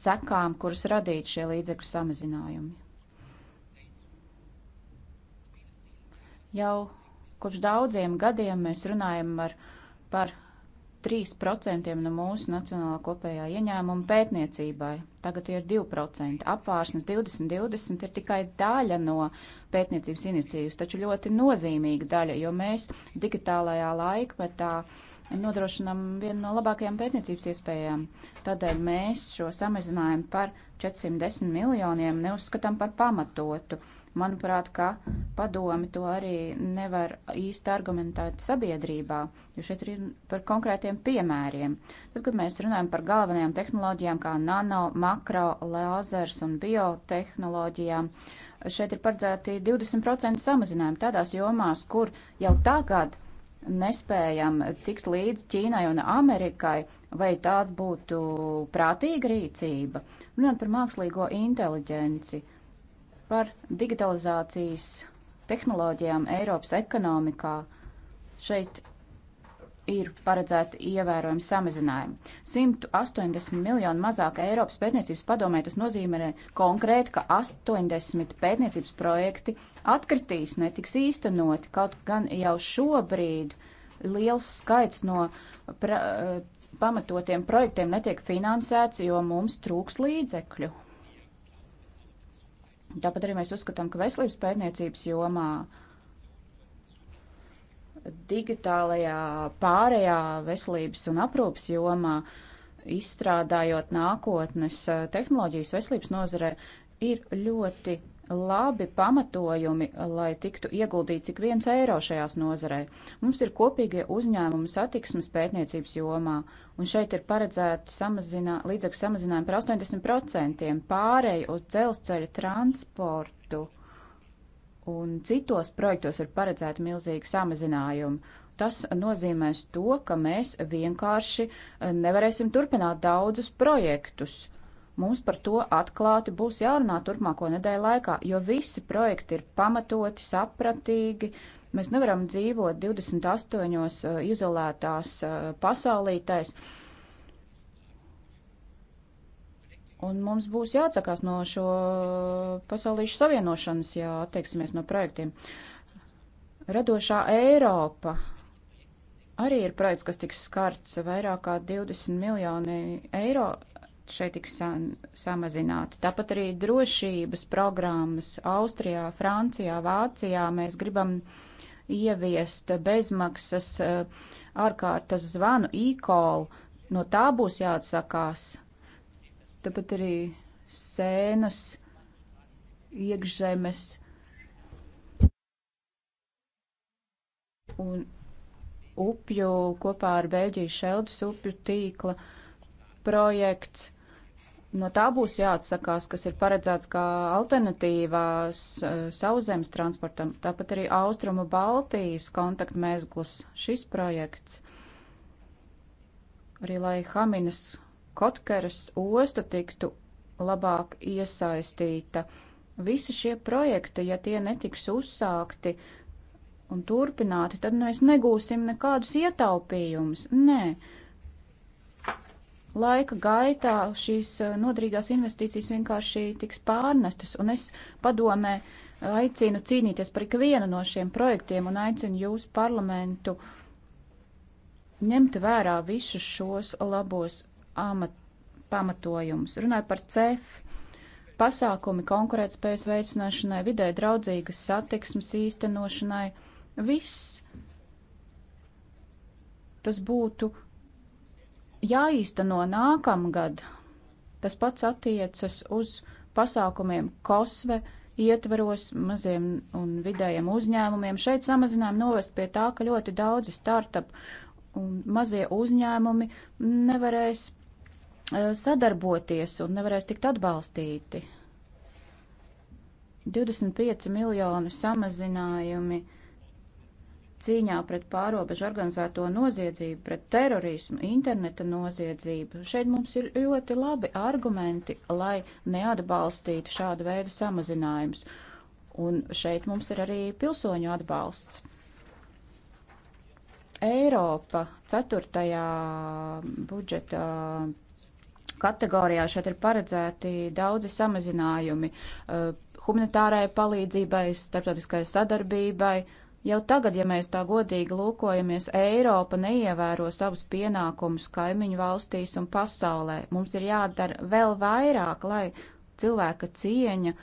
sekām, kuras radīt šie līdzekļu samazinājumi. Jau kopš daudziem gadiem mēs runājam ar, par 3% no mūsu nacionālā kopējā ieņēmuma pētniecībai. Tagad ir 2%. Apvārsnes 2020 ir tikai daļa no pētniecības inicijas, taču ļoti nozīmīga daļa, jo mēs digitālajā laikmetā nodrošinām vienu no labākajām pētniecības iespējām. Tādēļ mēs šo samazinājumu par 410 miljoniem neuzskatām par pamatotu. Manuprāt, ka padomi to arī nevar īsti argumentēt sabiedrībā, jo šeit ir par konkrētiem piemēriem. Tad, kad mēs runājam par galvenajām tehnoloģijām kā nano, makro, lāzers un biotehnoloģijām, šeit ir paredzēti 20% samazinājumi tādās jomās, kur jau tagad nespējam tikt līdz Ķīnai un Amerikai, vai tā būtu prātīga rīcība? Runāt par mākslīgo inteliģenci. Uh, par digitalizācijas tehnoloģijām Eiropas ekonomikā šeit ir paredzēti ievērojami samazinājumi. 180 miljonu mazāk Eiropas pētniecības padomē tas nozīmē konkrēti, ka 80 pētniecības projekti atkritīs, netiks īstenoti, kaut gan jau šobrīd liels skaits no pra, eh, pamatotiem projektiem netiek finansēts, jo mums trūks līdzekļu. Tāpat arī mēs uzskatām, ka veselības pētniecības jomā digitālajā pārējā veselības un aprūpas jomā, izstrādājot nākotnes eh, tehnoloģijas veselības nozare, ir ļoti labi pamatojumi, lai tiktu ieguldīts ik viens eiro šajās nozarē. Mums ir kopīgie uzņēmumi satiksmes pētniecības jomā, un šeit ir paredzēti samazinā, līdzekļu samazinājumi par 80%, pārēju uz dzelzceļa transportu, un citos projektos ir paredzēti milzīgi samazinājumi. Tas nozīmēs to, ka mēs vienkārši eh, nevarēsim turpināt daudzus projektus Mums par to atklāti būs jārunā turpmāko nedēļu laikā, jo visi projekti ir pamatoti, sapratīgi. Mēs nevaram dzīvot 28 uh, izolētās uh, pasaulītēs. Un mums būs jāatsakās no šo pasaulīšu savienošanas, ja attieksimies no projektiem. Radošā Eiropa arī ir projekts, kas tiks skarts vairāk kā 20 miljoni eiro šeit tiks sa samazināti. Tāpat arī drošības programmas Austrijā, Francijā, Vācijā mēs gribam ieviest bezmaksas eh, ārkārtas zvanu e-call. No tā būs jāatsakās. Tāpat arī sēnas, iekšzemes un upju kopā ar Bēļģijas šeldus upju tīkla projekts no tā būs jāatsakās, kas ir paredzēts kā alternatīvā eh, sauszemes transportam, tāpat arī Austrumu Baltijas kontaktmezgls šis projekts. Arī lai Haminas Kotkeras osta tiktu labāk iesaistīta. Visi šie projekti, ja tie netiks uzsākti un turpināti, tad mēs nu, negūsim nekādus ietaupījumus. Nē. Ne laika gaitā šīs eh, nodrīgās investīcijas vienkārši tiks pārnestas, un es padomē aicinu cīnīties par ikvienu no šiem projektiem un aicinu jūs parlamentu ņemt vērā visus šos labos amat, pamatojumus. Runājot par CEF, pasākumi konkurētspējas veicināšanai, vidē draudzīgas satiksmes īstenošanai, viss tas būtu jāīsteno nākamgad. Tas pats attiecas uz pasākumiem kosve ietveros maziem un vidējiem uzņēmumiem. Šeit samazinājumi novest pie tā, ka ļoti daudzi startup un mazie uzņēmumi nevarēs e, sadarboties un nevarēs tikt atbalstīti. 25 miljonu samazinājumi cīņā pret pārobežu organizēto noziedzību, pret terorismu, interneta noziedzību. Šeit mums ir ļoti labi argumenti, lai neatbalstītu šādu veidu samazinājumus. Un šeit mums ir arī pilsoņu atbalsts. Eiropa ceturtajā budžeta kategorijā šeit ir paredzēti daudzi samazinājumi eh, humanitārai palīdzībai, starptautiskai sadarbībai Jau tagad, ja mēs tā godīgi lūkojamies, Eiropa neievēro savus pienākumus kaimiņu valstīs un pasaulē. Mums ir jādara vēl vairāk, lai cilvēka cieņa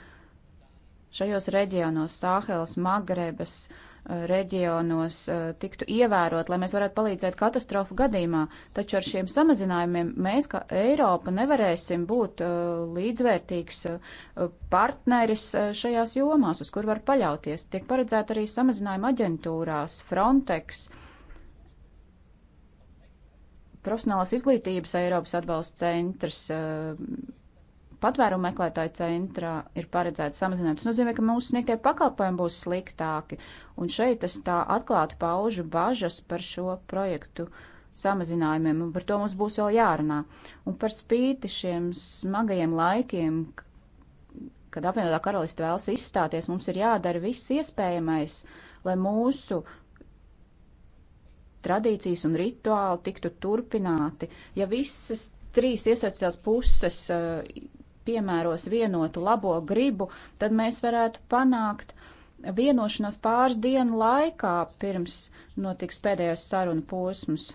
šajos reģionos, Sāhelas, Magrebas, uh, reģionos eh, tiktu ievērot, lai mēs varētu palīdzēt katastrofu gadījumā. Taču ar šiem samazinājumiem mēs, kā Eiropa, nevarēsim būt eh, līdzvērtīgs eh, partneris šajās jomās, uz kur var paļauties. Tiek paredzēta arī samazinājuma aģentūrās, Frontex, profesionālās izglītības Eiropas atbalsta centrs patvērumu meklētāju centrā ir paredzēts samazināt. Tas nozīmē, ka mūsu sniegtie pakalpojumi būs sliktāki. Un šeit es tā atklāti paužu bažas par šo projektu samazinājumiem, un par to mums būs vēl jārunā. Un par spīti šiem smagajiem laikiem, kad apvienotā karalista vēlas izstāties, mums ir jādara viss iespējamais, lai mūsu tradīcijas un rituāli tiktu turpināti. Ja visas trīs iesaistītās puses uh, piemēros vienotu labo gribu, tad mēs varētu panākt vienošanos pāris dienu laikā pirms notiks pēdējais saruna posms.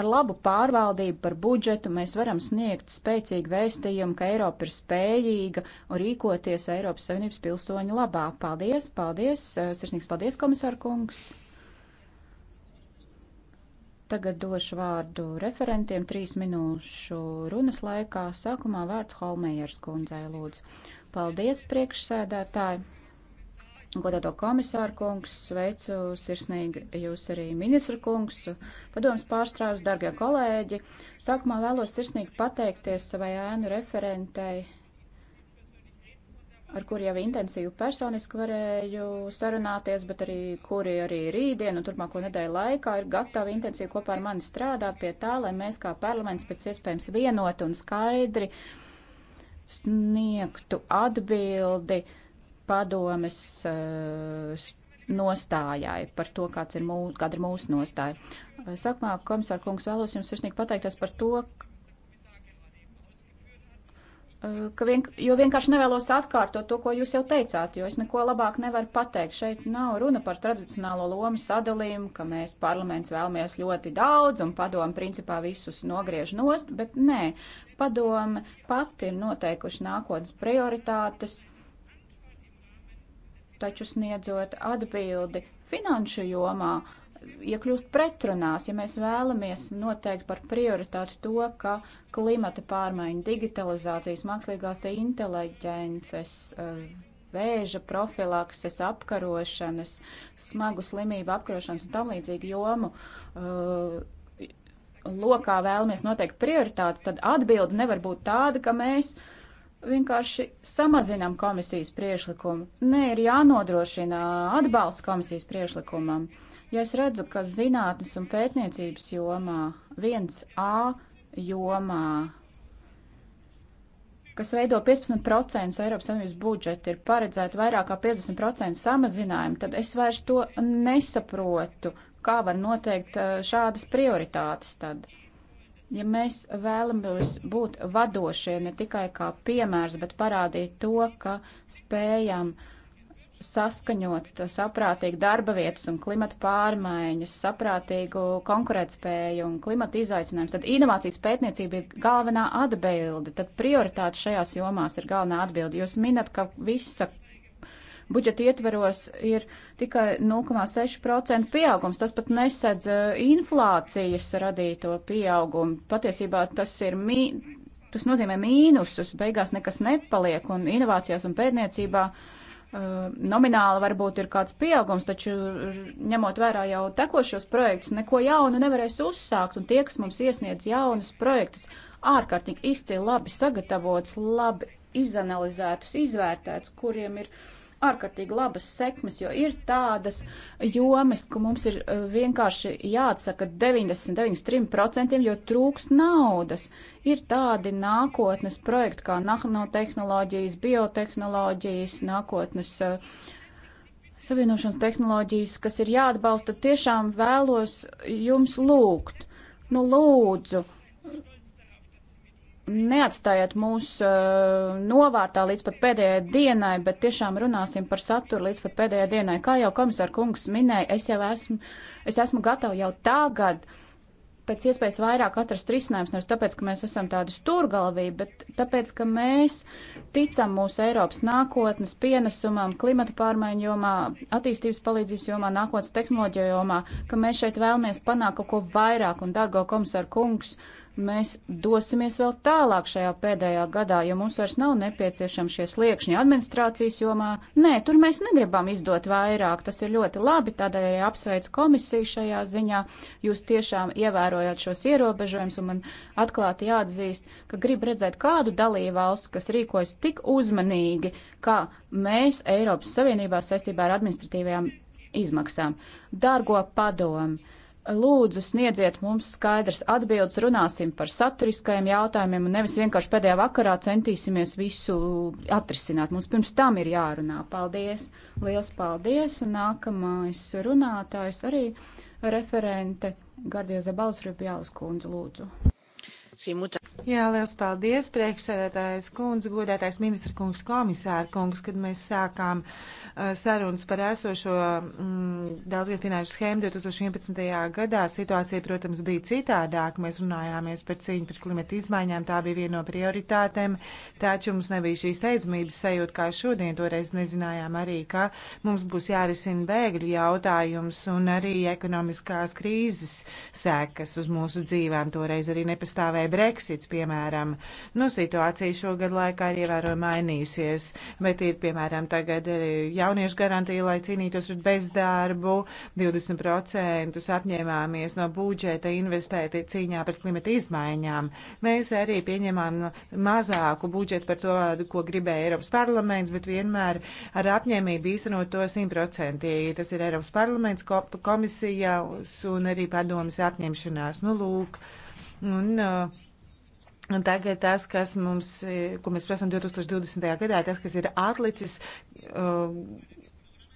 Ar labu pārvaldību par budžetu mēs varam sniegt spēcīgu vēstījumu, ka Eiropa ir spējīga rīkoties Eiropas Savienības pilsoņu labā. Paldies, paldies, sirsnīgs paldies, komisār kungs! Tagad došu vārdu referentiem trīs minūšu runas laikā. Sākumā vārds Holmējers kundzei lūdzu. Paldies, priekšsēdētāji! Godāto komisāru kungs, sveicu sirsnīgi jūs arī ministru kungs, padomas pārstrāvis, dargie kolēģi. Sākumā vēlos sirsnīgi pateikties savai ēnu referentei ar kuri jau intensīvi personiski varēju sarunāties, bet arī kuri arī rītdien un turpmāko nedēļu laikā ir gatavi intensīvi kopā ar mani strādāt pie tā, lai mēs kā parlaments pēc iespējams vienot un skaidri sniegtu atbildi padomes uh, nostājai par to, kāds ir mūsu, kāda ir mūsu nostāja. Sākumā, komisār kungs, vēlos jums sirsnīgi pateikties par to, Eh, ka vienk jo vienkārši nevēlos atkārtot to, ko jūs jau teicāt, jo es neko labāk nevaru pateikt. Šeit nav runa par tradicionālo lomu sadalījumu, ka mēs parlaments vēlamies ļoti daudz un padomu principā visus nogriež nost, bet nē, padomu pati ir noteikuši nākotnes prioritātes, taču sniedzot atbildi finanšu jomā. Uh, iekļūst pretrunās, ja mēs vēlamies noteikt par prioritāti to, ka klimata pārmaiņa, digitalizācijas, mākslīgās inteliģences, eh, vēža profilakses, apkarošanas, smagu slimību apkarošanas un tam līdzīgu jomu eh, lokā vēlamies noteikt prioritāti, tad atbildi nevar būt tāda, ka mēs vienkārši samazinām komisijas priešlikumu. Nē, ir jānodrošina atbalsts komisijas priešlikumam. Uh, Ja es redzu, ka zinātnes un pētniecības jomā, 1A jomā, kas veido 15% Eiropas Savienības budžeta, ir paredzēta vairāk kā 50% samazinājumu, tad es vairs to nesaprotu, kā var noteikt eh, šādas prioritātes tad. Ja mēs vēlamies būt vadošie ne tikai kā piemērs, bet parādīt to, ka spējam uh, saskaņot saprātīgu darba vietas un klimata pārmaiņas, saprātīgu konkurētspēju un klimata izaicinājumus, tad inovācijas pētniecība ir galvenā atbilde, tad prioritāte šajās jomās ir galvenā atbilde. Jūs minat, ka visa budžeta ietveros ir tikai 0,6% pieaugums, tas pat nesedz eh, inflācijas radīto pieaugumu. Patiesībā tas ir mī, tas nozīmē mīnusus, beigās nekas nepaliek un inovācijās un pētniecībā. Uh, Eh, nomināli varbūt ir kāds pieaugums, taču ņemot vērā jau tekošos projektus, neko jaunu nevarēs uzsākt, un tie, kas mums iesniedz jaunus projektus, ārkārtīgi izcili labi sagatavots, labi izanalizētus, izvērtētus, kuriem ir uh, ārkārtīgi labas sekmes, jo ir tādas jomas, ka mums ir eh, vienkārši jāatsaka 99,3%, jo trūks naudas. Ir tādi nākotnes projekti kā nanotehnoloģijas, biotehnoloģijas, nākotnes eh, savienošanas tehnoloģijas, kas ir jāatbalsta, tiešām vēlos jums lūgt. Nu, lūdzu, neatstājiet mūs uh, novārtā līdz pat pēdējai dienai, bet tiešām runāsim par saturu līdz pat pēdējai dienai. Kā jau komisāra kungs minēja, es jau esmu, es esmu gatava jau tagad pēc iespējas vairāk atrast risinājums, nevis tāpēc, ka mēs esam tādi stūrgalvī, bet tāpēc, ka mēs ticam mūsu Eiropas nākotnes pienesumam, klimata pārmaiņu jomā, attīstības palīdzības jomā, nākotnes tehnoloģiju jomā, ka mēs šeit vēlamies panākt kaut ko vairāk un, dargo komisāra kungs, uh, mēs dosimies vēl tālāk šajā pēdējā gadā, jo mums vairs nav nepieciešami šie sliekšņi administrācijas jomā. Nē, tur mēs negribam izdot vairāk, tas ir ļoti labi, tādēļ arī apsveicu komisiju šajā ziņā. Jūs tiešām ievērojat šos ierobežojumus un man atklāti jāatzīst, ka grib redzēt kādu dalību valsts, kas rīkojas tik uzmanīgi, kā mēs Eiropas Savienībā saistībā ar administratīvajām izmaksām. Dārgo padomu! Lūdzu, sniedziet mums skaidrs atbildes, runāsim par saturiskajiem jautājumiem un nevis vienkārši pēdējā vakarā centīsimies visu atrisināt. Mums pirms tam ir jārunā. Paldies! Liels paldies! Un nākamais runātājs arī referente Gardija Zabalsrubjālas kundze lūdzu. Jā, liels paldies, priekšsēdētājs kundze, godētājs ministra kungs, komisāra kungs, kad mēs sākām uh, sarunas par esošo mm, daudzgad finanšu schēmu 2011. gadā. Situācija, protams, bija citādāk. Mēs runājāmies par cīņu par klimata izmaiņām, tā bija viena no prioritātēm, taču mums nebija šīs teidzamības sajūta, kā šodien. Toreiz nezinājām arī, ka mums būs jārisina bēgļu jautājums un arī ekonomiskās krīzes sekas uz mūsu dzīvēm. Toreiz arī nepastāvēja Brexits, piemēram. Nu, situācija šogad laikā ir ievērojami mainījusies, bet ir, piemēram, tagad arī jauniešu garantija, lai cīnītos ar bezdarbu, 20% apņēmāmies no budžeta investēt cīņā pret klimata izmaiņām. Mēs arī pieņemām mazāku budžetu par to, ko gribēja Eiropas parlaments, bet vienmēr ar apņēmību īstenot to 100%. Tas ir Eiropas parlaments, komisija un arī padomas apņemšanās. Nu, lūk, un, uh, Tagad tas, kas mums, ko mēs prasām 2020. gadā, tas, kas ir atlicis, uh,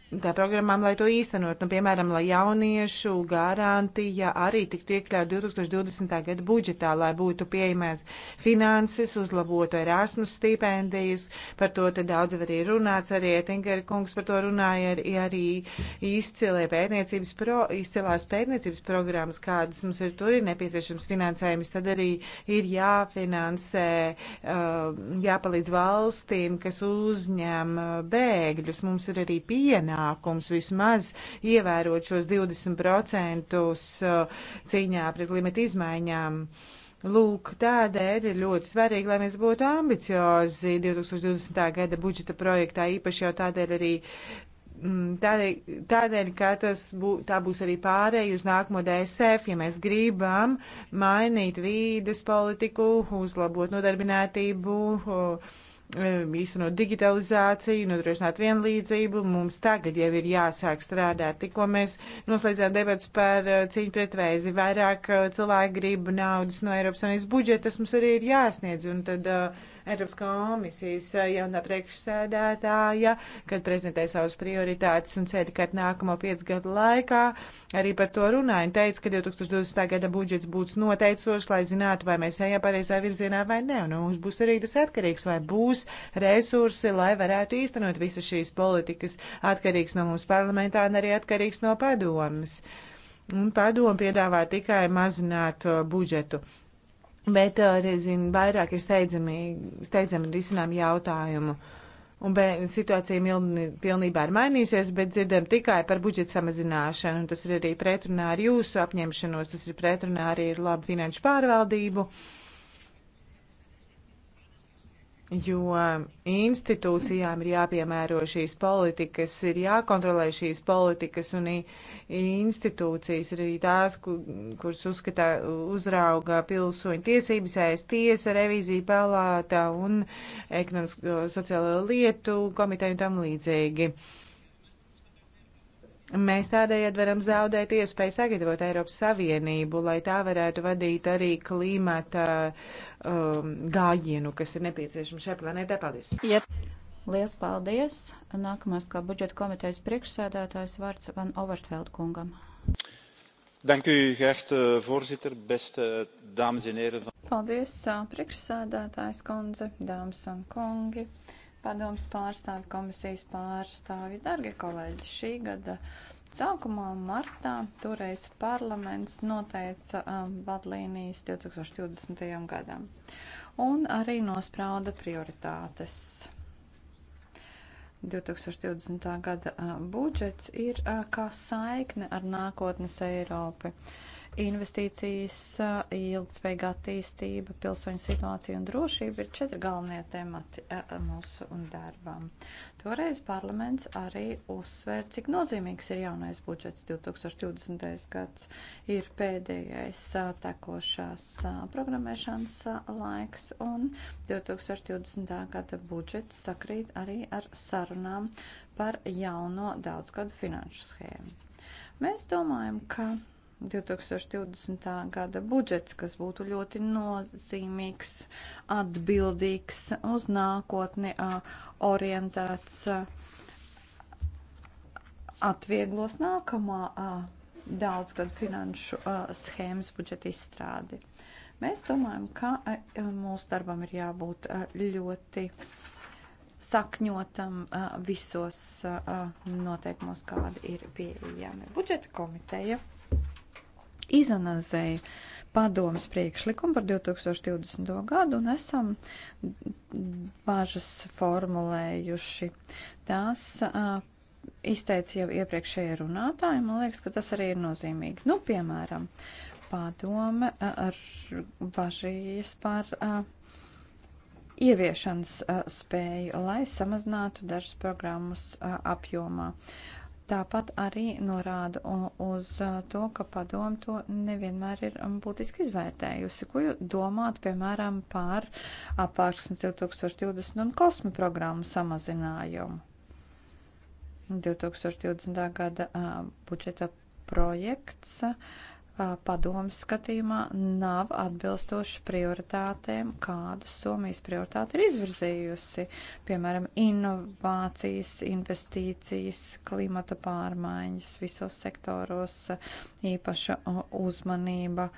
tā programmām, lai to īstenot. Nu, piemēram, lai jauniešu garantija arī tiktu iekļaut 2020. gada budžetā, lai būtu pieejamās finanses, uzlabotu Erasmus stipendijas. Par to te daudz arī runāts, arī Ettingeri kungs par to runāja, arī, arī izcilē pētniecības pro, izcilās pētniecības programmas, kādas mums ir tur ir nepieciešams finansējums. Tad arī ir jāfinansē, uh, jāpalīdz valstīm, kas uzņem uh, bēgļus. Mums ir arī pienākums pienākums vismaz ievērot šos 20% uh, cīņā pret klimata izmaiņām. Lūk, tādēļ ir ļoti svarīgi, lai mēs būtu ambiciozi 2020. gada budžeta projektā, īpaši jau tādēļ arī. Mm, tādēļ, tādēļ ka tas bū, tā būs arī pārēja uz nākamo DSF, ja mēs gribam mainīt vīdes politiku, uzlabot nodarbinātību. Uh, Um, īstenot digitalizāciju, nodrošināt vienlīdzību. Mums tagad jau ir jāsāk strādāt. Tikko mēs noslēdzām debats par uh, cīņu pret vēzi, vairāk uh, cilvēki grib naudas no Eiropas Savienības budžeta, tas mums arī ir jāsniedz. Un tad uh, Eiropas komisijas eh, jaunā priekšsēdētāja, kad prezentēja savas prioritātes un ceļu, ka nākamo piecu gadu laikā arī par to runāja un teica, ka 2020. gada budžets būs noteicošs, lai zinātu, vai mēs ejam pareizā virzienā vai nē. Un mums būs arī tas atkarīgs, vai būs resursi, lai varētu īstenot visas šīs politikas, atkarīgs no mums parlamentā un arī atkarīgs no padomas. Un padomu piedāvā tikai mazināt eh, budžetu. Bet eh, arī, zinu, vairāk ir steidzami, steidzami risinām jautājumu. Un be, situācija milni, pilnībā ir mainīsies, bet dzirdam tikai par budžeta samazināšanu. Un tas ir arī pretrunā ar jūsu apņemšanos, tas ir pretrunā arī ar labu finanšu pārvaldību. Uh, jo institūcijām ir jāpiemēro šīs politikas, ir jākontrolē šīs politikas, un institūcijas ir arī tās, kuras uzskatā uzrauga pilsoņu tiesības, aiz tiesa, revīzija palāta un ekonomisko sociālo lietu komiteju un tam līdzīgi. Uh, Mēs tādējādi varam zaudēt iespēju sagatavot Eiropas Savienību, lai tā varētu vadīt arī klimata um, gājienu, kas ir nepieciešams šai planētai. Paldies! Yep. Lielas paldies! Nākamais kā budžeta komitejas priekšsēdētājs vārds Van Overtveld kungam. Dank u, geachte voorzitter, beste dames en heren. Paldies, priekšsēdētājs kundze, dāmas un kungi. Uh, padomas pārstāvi, komisijas pārstāvi, dargie kolēģi, šī gada sākumā martā toreiz parlaments noteica um, vadlīnijas 2020. gadam un arī nosprauda prioritātes. 2020. gada uh, budžets ir uh, kā saikne ar nākotnes Eiropu. Uh, investīcijas, ilgspējīga attīstība, pilsoņu situācija un drošība ir četri galvenie temati mūsu darbam. Toreiz parlaments arī uzsvēra, cik nozīmīgs ir jaunais budžets 2020. gads, ir pēdējais tekošās programmēšanas laiks un 2020. gada budžets sakrīt arī ar sarunām par jauno daudzgadu finanšu schēmu. Mēs domājam, ka 2020. gada budžets, kas būtu ļoti nozīmīgs, atbildīgs, uz nākotni orientēts, atvieglos nākamā daudzgad finanšu schēmas budžeta izstrādi. Mēs domājam, ka mūsu darbam ir jābūt ļoti sakņotam visos noteikumos, kādi ir pieejami. Budžeta komiteja izanalizēja padomas priekšlikumu par 2020. gadu un esam bažas formulējuši. Tās uh, izteica jau iepriekšējie runātāji, man liekas, ka tas arī ir nozīmīgi. Nu, piemēram, padome ar bažīs par uh, ieviešanas uh, spēju, lai samazinātu dažas programmas uh, apjomā. Uh, Tāpat arī norāda uz to, ka padomu to nevienmēr ir būtiski izvērtējusi. Ko domāt, piemēram, par apvārksnes 2020 un kosmu programmu samazinājumu? 2020. gada budžeta projekts padomas skatījumā nav atbilstoši prioritātēm, kādas Somijas prioritāte ir izvirzījusi, piemēram, inovācijas, investīcijas, klimata pārmaiņas visos sektoros, īpaša uzmanība,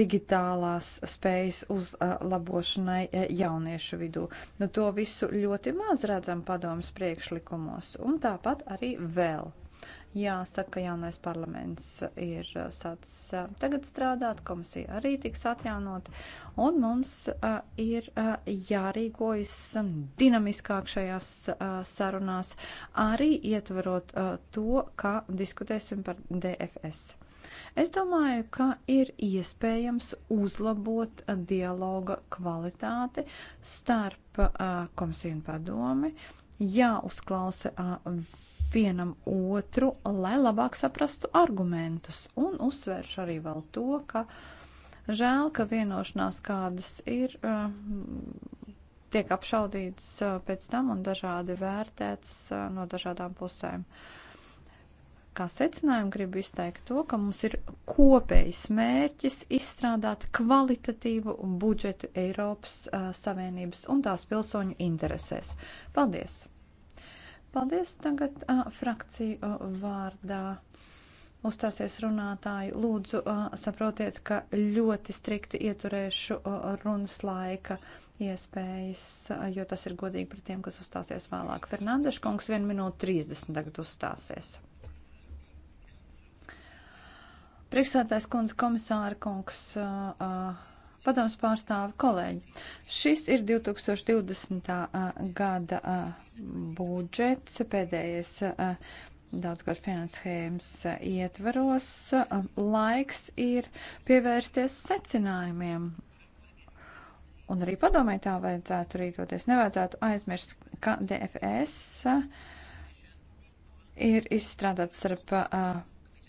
digitālās spējas uzlabošanai jauniešu vidū. Nu, to visu ļoti maz redzam padomas priekšlikumos, un tāpat arī vēl Jāsaka, jaunais parlaments ir uh, sācis uh, tagad strādāt, komisija arī tiks atjaunot, un mums uh, ir jārīkojas um, dinamiskāk šajās sarunās, arī ietverot to, kā diskutēsim par DFS. Es domāju, ka ir iespējams uzlabot dialoga kvalitāti starp komisiju un padomi, jāuzklausa vienam otru, lai labāk saprastu argumentus. Un uzsvēršu arī vēl to, ka žēl, ka vienošanās kādas ir, eh, tiek apšaudītas eh, pēc tam un dažādi vērtēts eh, no dažādām pusēm. Kā secinājumu gribu izteikt to, ka mums ir kopējs mērķis izstrādāt kvalitatīvu budžetu Eiropas Savienības un tās pilsoņu interesēs. Paldies! Paldies tagad a, frakciju vārdā. Uzstāsies runātāji, lūdzu a, saprotiet, ka ļoti strikti ieturēšu a, runas laika iespējas, a, jo tas ir godīgi pret tiem, kas uzstāsies vēlāk. Fernandeša kungs 1 minūte 30 tagad uzstāsies. Priekšsētājs kundze komisāra kungs, a, a, padoms pārstāvi kolēģi. Šis ir 2020. gada budžets, pēdējais daudzgad finansējums ietvaros. Laiks ir pievērsties secinājumiem. Un arī padomē tā vajadzētu rītoties. Nevajadzētu aizmirst, ka DFS ir izstrādāts starp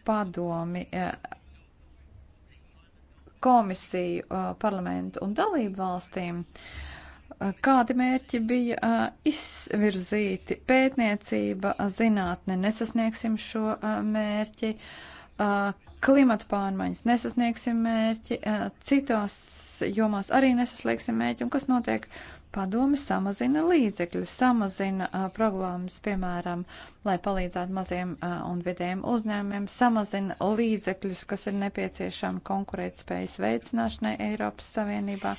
padomi komisiju, parlamentu un dalību valstīm, kādi mērķi bija izvirzīti pētniecība, zinātne, nesasniegsim šo mērķi, klimata pārmaiņas, nesasniegsim mērķi, citās jomās arī nesasniegsim mērķi, un kas notiek Padomi samazina līdzekļus, samazina uh, programmas, piemēram, lai palīdzētu maziem uh, un vidējiem uzņēmumiem, samazina līdzekļus, kas ir nepieciešami konkurētspējas veicināšanai Eiropas Savienībā,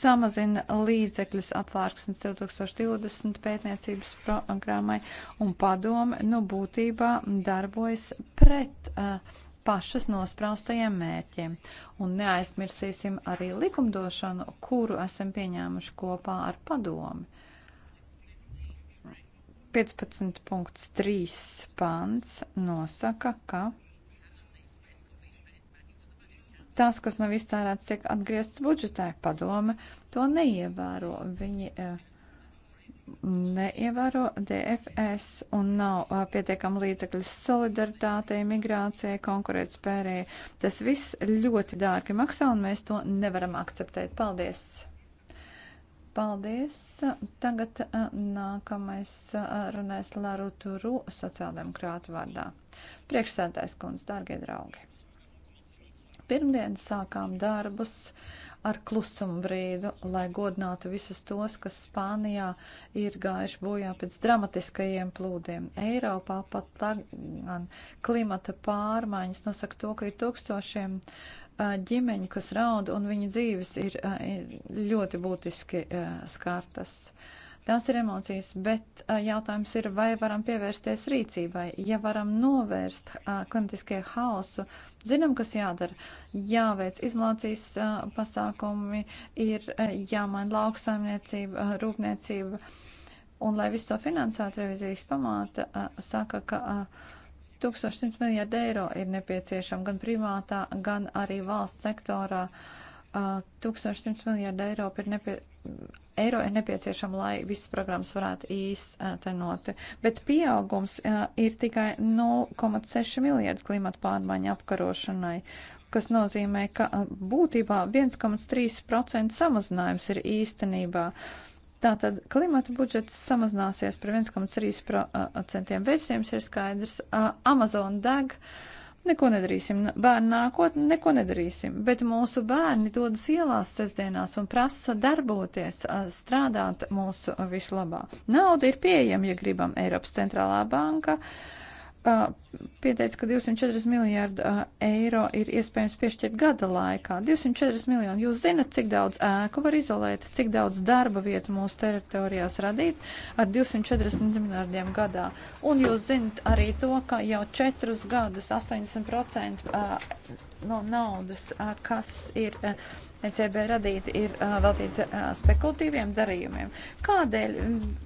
samazina līdzekļus apvārksnes 2020 pētniecības programmai, un padomi, nu, būtībā darbojas pret. Uh, pašas nospraustajiem mērķiem. Un neaizmirsīsim arī likumdošanu, kuru esam pieņēmuši kopā ar padomi. 15.3 pants nosaka, ka tas, kas nav iztērēts, tiek atgriezts budžetē. Padome to neievēro. Viņi eh, neievēro DFS un nav pietiekama līdzekļu solidaritātei, migrācijai, konkurētspējai. Tas viss ļoti dārgi maksā un mēs to nevaram akceptēt. Paldies! Paldies! Tagad nākamais runēs Laru Turu sociāldemokrātu vārdā. Priekšsēdājs kundze, dārgie draugi! Pirmdien sākām darbus. Uh, ar klusumu brīdu, lai godinātu visus tos, kas Spānijā ir gājuši bojā pēc dramatiskajiem plūdiem. Eiropā pat tagad klimata pārmaiņas nosaka to, ka ir tūkstošiem ģimeņu, kas raud, un viņu dzīves ir ļoti būtiski skartas. Tās ir emocijas, bet jautājums ir, vai varam pievērsties rīcībai. Ja varam novērst klimatiskajai haosu Zinām, kas jādara. Jāveic izolācijas pasākumi, ir jāmaina lauksaimniecība, rūpniecība. Un, lai visu to finansētu, revizijas pamāta saka, ka 1100 miljārdi eiro ir nepieciešama gan privātā, gan arī valsts sektorā. 1100 miljārdi eiro ir nepieciešama eiro ir nepieciešama, lai visas programmas varētu īstenot. Bet pieaugums ir tikai 0,6 miljardi klimata pārmaiņu apkarošanai kas nozīmē, ka būtībā 1,3% samazinājums ir īstenībā. Tātad klimata budžets samazināsies par 1,3%. Vēstījums ir skaidrs. Amazon deg. Uh, Neko nedarīsim. Bērnu nākotnē neko nedarīsim. Bet mūsu bērni dodas ielās sestdienās un prasa darboties, strādāt mūsu vislabā. Nauda ir pieejama, ja gribam. Eiropas centrālā banka pieteica, ka 240 miljārdu uh, eiro ir iespējams piešķirt gada laikā. 240 miljoni. Jūs zinat, cik daudz ēku var izolēt, cik daudz darba vietu mūsu teritorijās radīt ar 240 miljārdiem gadā. Un jūs zinat arī to, ka jau četrus gadus 80% uh, no naudas, uh, kas ir. Uh, ECB radīti ir uh, veltīti uh, spekulatīviem darījumiem. Kādēļ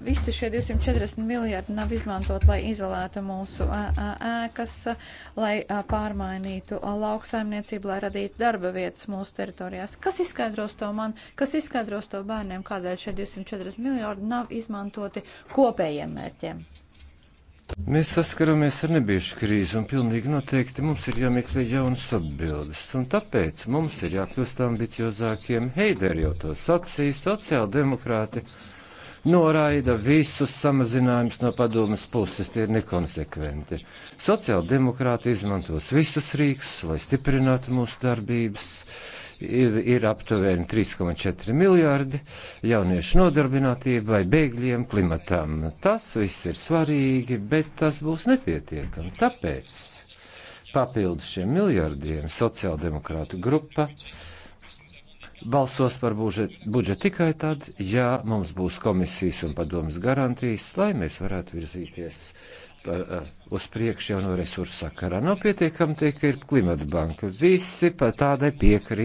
visi šie 240 miljardi nav izmantot, lai izolētu mūsu uh, uh, ēkas, lai pārmainītu lauksaimniecību, lai radītu darba vietas mūsu teritorijās. Kas izskaidros to man, kas izskaidros to bērniem, kādēļ šie 240 miljardi nav izmantoti kopējiem mērķiem? Mēs saskaramies ar nebijušu krīzi, un pilnīgi noteikti mums ir jāmeklē jaunas atbildes, un tāpēc mums ir jākļūst ambiciozākiem. Heider jau to sacīja, sociāldemokrāti. demokrāti noraida visus samazinājumus no padomas puses, tie ir nekonsekventi. Sociāldemokrāti izmantos visus rīkus, lai stiprinātu mūsu darbības. Ir, ir aptuveni 3,4 miljārdi jauniešu nodarbinātībai, bēgļiem, klimatam. Tas viss ir svarīgi, bet tas būs nepietiekami. Tāpēc papildus šiem miljardiem sociāldemokrātu grupa uh, balsos par budžetu budžet tikai tad, ja mums būs komisijas un padomas garantijas, lai mēs varētu virzīties par, uh, uz priekšu jau no resursu sakarā. Nav pietiekami tie, ka ir klimata banka. Visi pat tādai piekrīt.